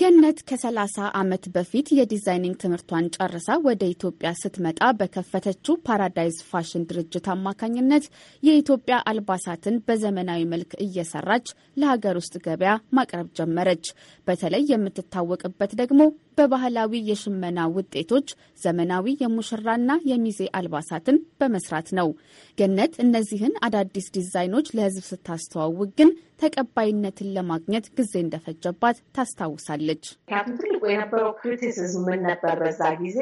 ገነት ከ30 ዓመት በፊት የዲዛይኒንግ ትምህርቷን ጨርሳ ወደ ኢትዮጵያ ስትመጣ በከፈተችው ፓራዳይዝ ፋሽን ድርጅት አማካኝነት የኢትዮጵያ አልባሳትን በዘመናዊ መልክ እየሰራች ለሀገር ውስጥ ገበያ ማቅረብ ጀመረች። በተለይ የምትታወቅበት ደግሞ በባህላዊ የሽመና ውጤቶች ዘመናዊ የሙሽራና የሚዜ አልባሳትን በመስራት ነው። ገነት እነዚህን አዳዲስ ዲዛይኖች ለሕዝብ ስታስተዋውቅ ግን ተቀባይነትን ለማግኘት ጊዜ እንደፈጀባት ታስታውሳለች። ምክንያቱም ትልቁ የነበረው ክሪቲሲዝም ምን ነበር? በዛ ጊዜ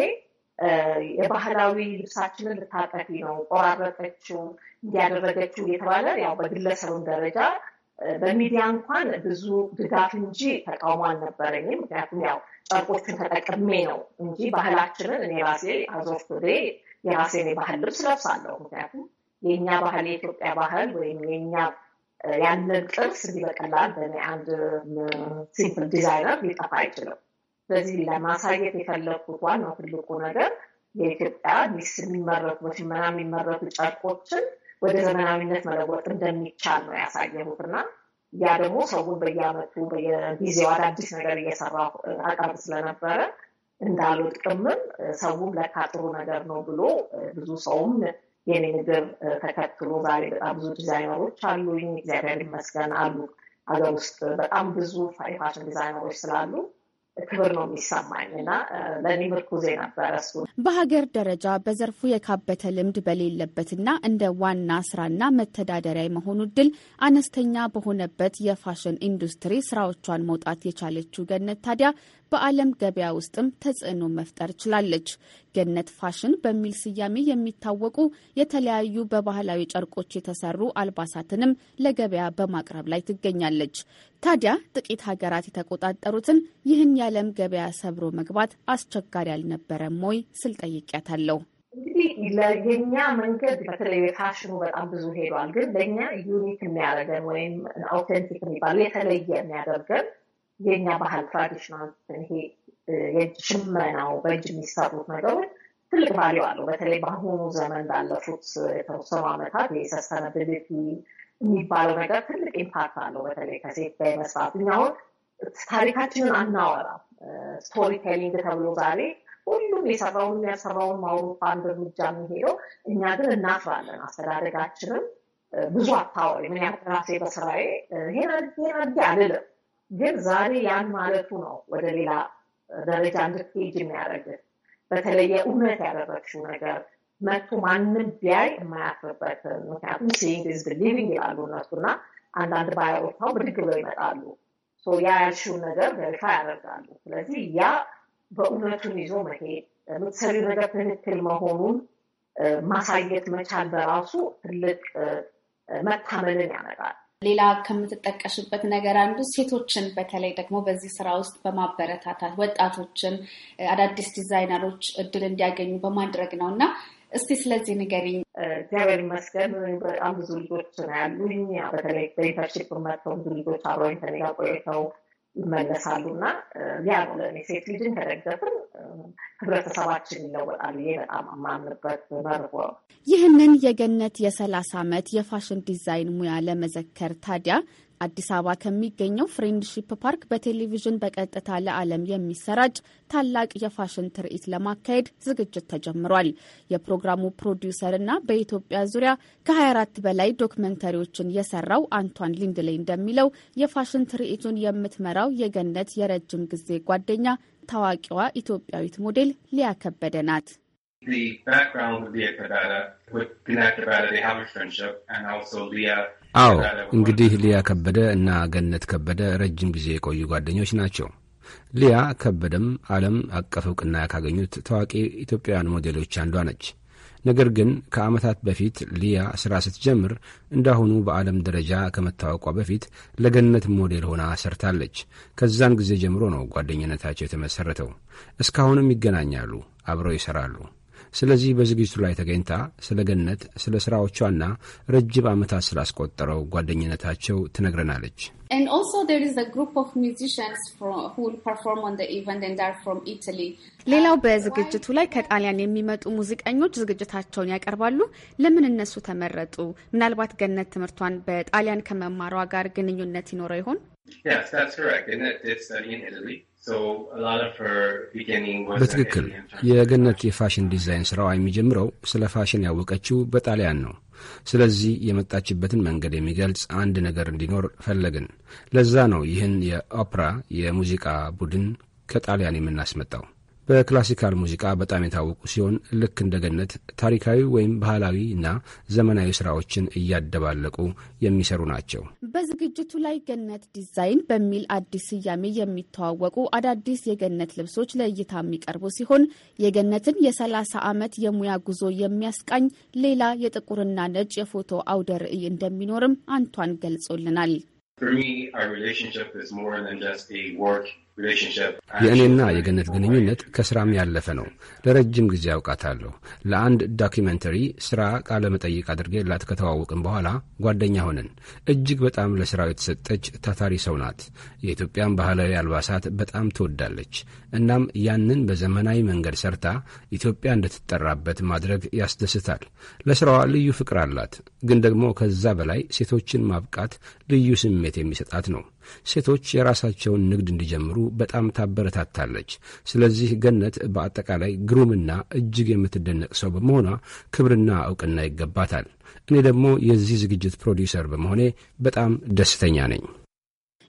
የባህላዊ ልብሳችንን ልታጠፊ ነው፣ ቆራረጠችው፣ እንዲያደረገችው እየተባለ ያው በግለሰቡን ደረጃ በሚዲያ እንኳን ብዙ ድጋፍ እንጂ ተቃውሞ አልነበረኝም። ምክንያቱም ያው ጨርቆችን ተጠቅሜ ነው እንጂ ባህላችንን እኔ ራሴ አዞርቶዴ የራሴን የባህል ልብስ ለብሳለሁ። ምክንያቱም የእኛ ባህል የኢትዮጵያ ባህል ወይም የእኛ ያንን ቅርስ እንዲህ በቀላል አንድ ሲምፕል ዲዛይነር ሊጠፋ አይችልም። ስለዚህ ለማሳየት የፈለግኩት ዋናው ትልቁ ነገር የኢትዮጵያ ሚስ የሚመረቱ በሽመና የሚመረቱ ጨርቆችን ወደ ዘመናዊነት መለወጥ እንደሚቻል ነው ያሳየሁት እና ያ ደግሞ ሰውን በየዓመቱ በየጊዜው አዳዲስ ነገር እየሰራ አቀርብ ስለነበረ እንዳልወድቅምም ሰውም ለካ ጥሩ ነገር ነው ብሎ ብዙ ሰውም የኔ ምግብ ተከትሎ ዛሬ በጣም ብዙ ዲዛይነሮች አሉ። እግዚአብሔር ይመስገን አሉ። ሀገር ውስጥ በጣም ብዙ ፋሽን ዲዛይነሮች ስላሉ ክብር ነው የሚሰማኝ እና ለእኔ ምርኩዜ ነበረ እሱ። በሀገር ደረጃ በዘርፉ የካበተ ልምድ በሌለበትና እንደ ዋና ስራና መተዳደሪያ የመሆኑ እድል አነስተኛ በሆነበት የፋሽን ኢንዱስትሪ ስራዎቿን መውጣት የቻለችው ገነት ታዲያ በዓለም ገበያ ውስጥም ተጽዕኖ መፍጠር ችላለች። ገነት ፋሽን በሚል ስያሜ የሚታወቁ የተለያዩ በባህላዊ ጨርቆች የተሰሩ አልባሳትንም ለገበያ በማቅረብ ላይ ትገኛለች። ታዲያ ጥቂት ሀገራት የተቆጣጠሩትን ይህን የዓለም ገበያ ሰብሮ መግባት አስቸጋሪ አልነበረም ወይ ስል ጠይቄያታለሁ። እንግዲህ ለየኛ መንገድ በተለይ የፋሽኑ በጣም ብዙ ሄዷል። ግን ለእኛ ዩኒክ የሚያደርገን ወይም አውተንቲክ የሚባለው የተለየ የሚያደርገን የእኛ ባህል ትራዲሽናል ይሄ የእጅ ሽመናው በእጅ የሚሰሩት ነገሮች ትልቅ ቫሊው አለው። በተለይ በአሁኑ ዘመን ባለፉት የተወሰኑ ዓመታት የሰስተናብሊቲ የሚባለው ነገር ትልቅ ኢምፓክት አለው። በተለይ ከሴት ጋር መስራት እኛውን ታሪካችንን አናወራም። ስቶሪቴሊንግ ተብሎ ዛሬ ሁሉም የሰራውን የሚያሰራውን ማውሮፓ አንድ እርምጃ የሚሄደው እኛ ግን እናፍራለን። አስተዳደጋችንም ብዙ አታወሪ ምን ያህል ራሴ በስራዬ ይሄን አድጌ አልልም ግን ዛሬ ያን ማለቱ ነው ወደ ሌላ ደረጃ እንድትሄጅ የሚያደርግ በተለየ እውነት ያደረግሽው ነገር መቶ ማንም ቢያይ የማያፍርበት ምክንያቱም ሲንግ ዝ ሊቪንግ ይላሉ እነሱ እና አንዳንድ ባያወታው ብድግ ብለው ይመጣሉ። ያ ያልሽውን ነገር ገልፋ ያደርጋሉ። ስለዚህ ያ በእውነቱን ይዞ መሄድ የምትሰሪው ነገር ትክክል መሆኑን ማሳየት መቻል በራሱ ትልቅ መታመንን ያመጣል። ሌላ ከምትጠቀሽበት ነገር አንዱ ሴቶችን በተለይ ደግሞ በዚህ ስራ ውስጥ በማበረታታት ወጣቶችን፣ አዳዲስ ዲዛይነሮች እድል እንዲያገኙ በማድረግ ነው እና እስቲ ስለዚህ ንገሪኝ። እግዚአብሔር ይመስገን በጣም ብዙ ልጆች ያሉ በተለይ በኢንተርንሺፕ መጥተው ብዙ ልጆች አብረው ከኔ ጋር ቆይተው ይመለሳሉ እና ያ ነው ለእኔ ሴት ልጅን ከደገፍን ህብረተሰባችን ይለወጣል። ይሄ በጣም የማምንበት መርሆ ይህንን የገነት የሰላሳ ዓመት የፋሽን ዲዛይን ሙያ ለመዘከር ታዲያ አዲስ አበባ ከሚገኘው ፍሬንድሺፕ ፓርክ በቴሌቪዥን በቀጥታ ለዓለም የሚሰራጭ ታላቅ የፋሽን ትርኢት ለማካሄድ ዝግጅት ተጀምሯል። የፕሮግራሙ ፕሮዲውሰር በኢትዮጵያ ዙሪያ ከ24 በላይ ዶክመንተሪዎችን የሰራው አንቷን ሊንድሌይ እንደሚለው የፋሽን ትርኢቱን የምትመራው የገነት የረጅም ጊዜ ጓደኛ ታዋቂዋ ኢትዮጵያዊት ሞዴል ሊያ ከበደ ናት። አዎ እንግዲህ ሊያ ከበደ እና ገነት ከበደ ረጅም ጊዜ የቆዩ ጓደኞች ናቸው። ሊያ ከበደም ዓለም አቀፍ እውቅና ካገኙት ታዋቂ ኢትዮጵያውያን ሞዴሎች አንዷ ነች። ነገር ግን ከዓመታት በፊት ሊያ ሥራ ስትጀምር እንዳሁኑ በዓለም ደረጃ ከመታወቋ በፊት ለገነት ሞዴል ሆና ሰርታለች። ከዛን ጊዜ ጀምሮ ነው ጓደኝነታቸው የተመሠረተው። እስካሁንም ይገናኛሉ፣ አብረው ይሠራሉ። ስለዚህ በዝግጅቱ ላይ ተገኝታ ስለ ገነት፣ ስለ ስራዎቿና ረጅም ዓመታት ስላስቆጠረው ጓደኝነታቸው ትነግረናለች። ሌላው በዝግጅቱ ላይ ከጣሊያን የሚመጡ ሙዚቀኞች ዝግጅታቸውን ያቀርባሉ። ለምን እነሱ ተመረጡ? ምናልባት ገነት ትምህርቷን በጣሊያን ከመማሯ ጋር ግንኙነት ይኖረው ይሆን? በትክክል የገነት የፋሽን ዲዛይን ስራዋ የሚጀምረው ስለ ፋሽን ያወቀችው በጣሊያን ነው። ስለዚህ የመጣችበትን መንገድ የሚገልጽ አንድ ነገር እንዲኖር ፈለግን። ለዛ ነው ይህን የኦፕራ የሙዚቃ ቡድን ከጣሊያን የምናስመጣው። በክላሲካል ሙዚቃ በጣም የታወቁ ሲሆን ልክ እንደ ገነት ታሪካዊ ወይም ባህላዊ እና ዘመናዊ ስራዎችን እያደባለቁ የሚሰሩ ናቸው። በዝግጅቱ ላይ ገነት ዲዛይን በሚል አዲስ ስያሜ የሚተዋወቁ አዳዲስ የገነት ልብሶች ለእይታ የሚቀርቡ ሲሆን የገነትን የሰላሳ ዓመት የሙያ ጉዞ የሚያስቃኝ ሌላ የጥቁርና ነጭ የፎቶ አውደ ርዕይ እንደሚኖርም አንቷን ገልጾልናል። የእኔና የገነት ግንኙነት ከስራም ያለፈ ነው። ለረጅም ጊዜ አውቃታለሁ። ለአንድ ዶኪመንተሪ ስራ ቃለ መጠይቅ አድርጌላት ከተዋወቅን በኋላ ጓደኛ ሆነን። እጅግ በጣም ለስራው የተሰጠች ታታሪ ሰው ናት። የኢትዮጵያን ባህላዊ አልባሳት በጣም ትወዳለች። እናም ያንን በዘመናዊ መንገድ ሰርታ ኢትዮጵያ እንደትጠራበት ማድረግ ያስደስታል። ለስራዋ ልዩ ፍቅር አላት። ግን ደግሞ ከዛ በላይ ሴቶችን ማብቃት ልዩ ስሜት የሚሰጣት ነው። ሴቶች የራሳቸውን ንግድ እንዲጀምሩ በጣም ታበረታታለች። ስለዚህ ገነት በአጠቃላይ ግሩምና እጅግ የምትደነቅ ሰው በመሆኗ ክብርና እውቅና ይገባታል። እኔ ደግሞ የዚህ ዝግጅት ፕሮዲውሰር በመሆኔ በጣም ደስተኛ ነኝ።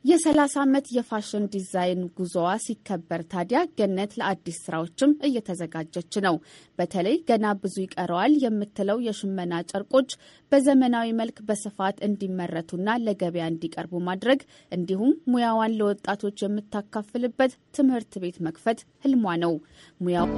የ30 ዓመት የፋሽን ዲዛይን ጉዞዋ ሲከበር ታዲያ ገነት ለአዲስ ስራዎችም እየተዘጋጀች ነው። በተለይ ገና ብዙ ይቀረዋል የምትለው የሽመና ጨርቆች በዘመናዊ መልክ በስፋት እንዲመረቱና ለገበያ እንዲቀርቡ ማድረግ እንዲሁም ሙያዋን ለወጣቶች የምታካፍልበት ትምህርት ቤት መክፈት ህልሟ ነው ሙያው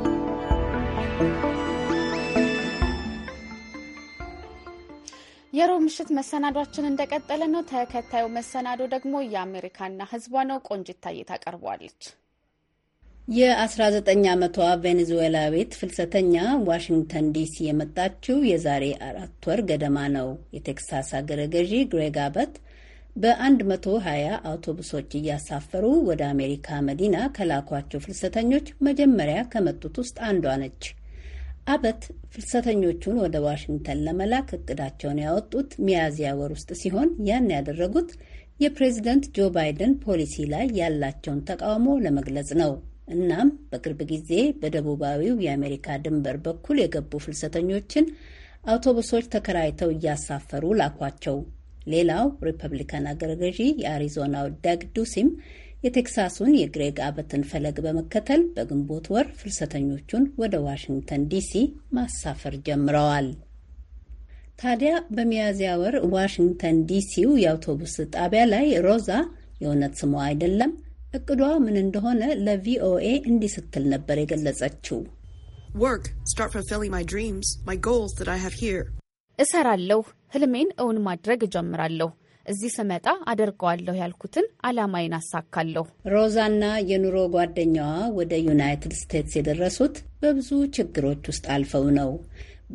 የሮብ ምሽት መሰናዷችን እንደቀጠለ ነው። ተከታዩ መሰናዶ ደግሞ የአሜሪካና ህዝቧ ነው። ቆንጅታዬ ታቀርበዋለች። የ19 ዓመቷ ቬኔዙዌላዊት ፍልሰተኛ ዋሽንግተን ዲሲ የመጣችው የዛሬ አራት ወር ገደማ ነው። የቴክሳስ አገረ ገዢ ግሬግ አበት በ120 አውቶቡሶች እያሳፈሩ ወደ አሜሪካ መዲና ከላኳቸው ፍልሰተኞች መጀመሪያ ከመጡት ውስጥ አንዷ ነች። አበት ፍልሰተኞቹን ወደ ዋሽንግተን ለመላክ እቅዳቸውን ያወጡት ሚያዝያ ወር ውስጥ ሲሆን ያን ያደረጉት የፕሬዝደንት ጆ ባይደን ፖሊሲ ላይ ያላቸውን ተቃውሞ ለመግለጽ ነው። እናም በቅርብ ጊዜ በደቡባዊው የአሜሪካ ድንበር በኩል የገቡ ፍልሰተኞችን አውቶቡሶች ተከራይተው እያሳፈሩ ላኳቸው። ሌላው ሪፐብሊካን አገረ ገዢ የአሪዞናው ዳግ ዱሲም የቴክሳሱን የግሬግ አበትን ፈለግ በመከተል በግንቦት ወር ፍልሰተኞቹን ወደ ዋሽንግተን ዲሲ ማሳፈር ጀምረዋል። ታዲያ በሚያዝያ ወር ዋሽንግተን ዲሲው የአውቶቡስ ጣቢያ ላይ ሮዛ የእውነት ስሟ አይደለም እቅዷ ምን እንደሆነ ለቪኦኤ እንዲህ ስትል ነበር የገለጸችው። ወርክ ስታርት ፉልፊሊንግ ማይ ድሪምስ ማይ ጎልስ ዛት አይ እሰራለሁ፣ ህልሜን እውን ማድረግ እጀምራለሁ። እዚህ ስመጣ አደርገዋለሁ ያልኩትን አላማዬን አሳካለሁ። ሮዛና የኑሮ ጓደኛዋ ወደ ዩናይትድ ስቴትስ የደረሱት በብዙ ችግሮች ውስጥ አልፈው ነው።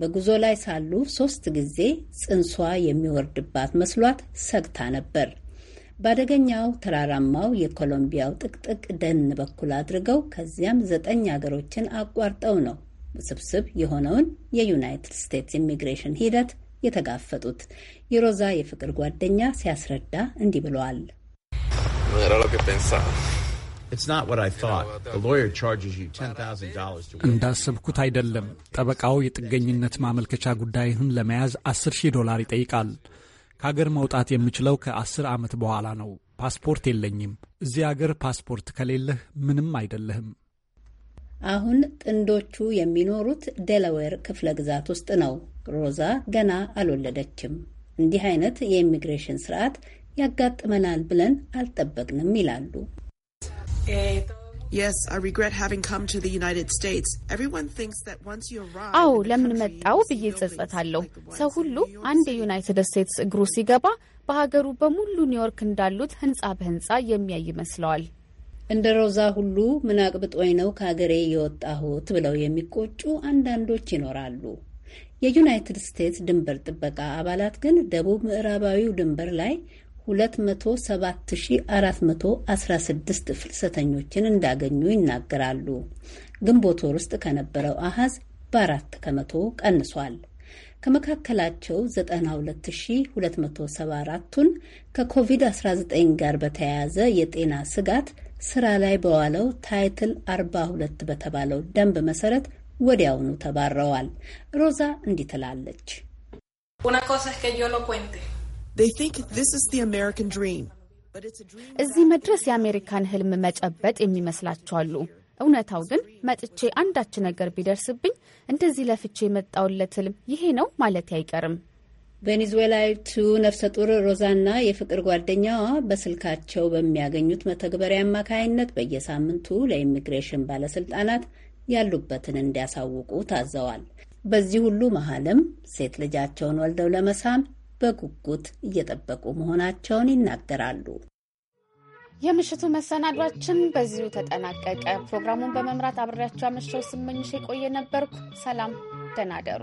በጉዞ ላይ ሳሉ ሶስት ጊዜ ጽንሷ የሚወርድባት መስሏት ሰግታ ነበር። በአደገኛው ተራራማው የኮሎምቢያው ጥቅጥቅ ደን በኩል አድርገው ከዚያም ዘጠኝ አገሮችን አቋርጠው ነው ውስብስብ የሆነውን የዩናይትድ ስቴትስ ኢሚግሬሽን ሂደት የተጋፈጡት። የሮዛ የፍቅር ጓደኛ ሲያስረዳ እንዲህ ብለዋል። እንዳሰብኩት አይደለም። ጠበቃው የጥገኝነት ማመልከቻ ጉዳይህን ለመያዝ 10,000 ዶላር ይጠይቃል። ከአገር መውጣት የምችለው ከ10 ዓመት በኋላ ነው። ፓስፖርት የለኝም። እዚህ አገር ፓስፖርት ከሌለህ ምንም አይደለህም። አሁን ጥንዶቹ የሚኖሩት ዴላዌር ክፍለ ግዛት ውስጥ ነው። ሮዛ ገና አልወለደችም። እንዲህ አይነት የኢሚግሬሽን ስርዓት ያጋጥመናል ብለን አልጠበቅንም ይላሉ። አዎ ለምን መጣው ብዬ ጸጸታለሁ። ሰው ሁሉ አንድ የዩናይትድ ስቴትስ እግሩ ሲገባ በሀገሩ በሙሉ ኒውዮርክ እንዳሉት ህንጻ በህንጻ የሚያይ ይመስለዋል። እንደ ሮዛ ሁሉ ምን አቅብጦኝ ነው ከሀገሬ የወጣሁት ብለው የሚቆጩ አንዳንዶች ይኖራሉ። የዩናይትድ ስቴትስ ድንበር ጥበቃ አባላት ግን ደቡብ ምዕራባዊው ድንበር ላይ 27416 ፍልሰተኞችን እንዳገኙ ይናገራሉ። ግንቦት ወር ውስጥ ከነበረው አሃዝ በአራት ከመቶ ቀንሷል። ከመካከላቸው 92274ቱን ከኮቪድ-19 ጋር በተያያዘ የጤና ስጋት ስራ ላይ በዋለው ታይትል 42 በተባለው ደንብ መሰረት ወዲያውኑ ተባረዋል። ሮዛ እንዲህ ትላለች። እዚህ መድረስ የአሜሪካን ህልም መጨበጥ የሚመስላችኋሉ እውነታው ግን መጥቼ አንዳች ነገር ቢደርስብኝ እንደዚህ ለፍቼ የመጣውለት ህልም ይሄ ነው ማለት አይቀርም። ቬኔዙዌላዊቱ ነፍሰ ጡር ሮዛና የፍቅር ጓደኛዋ በስልካቸው በሚያገኙት መተግበሪያ አማካይነት በየሳምንቱ ለኢሚግሬሽን ባለስልጣናት ያሉበትን እንዲያሳውቁ ታዘዋል። በዚህ ሁሉ መሀልም ሴት ልጃቸውን ወልደው ለመሳም በጉጉት እየጠበቁ መሆናቸውን ይናገራሉ። የምሽቱ መሰናዷችን በዚሁ ተጠናቀቀ። ፕሮግራሙን በመምራት አብሬያቸው አመሸው ስመኝሽ የቆየ ነበርኩ። ሰላም፣ ደህና ደሩ።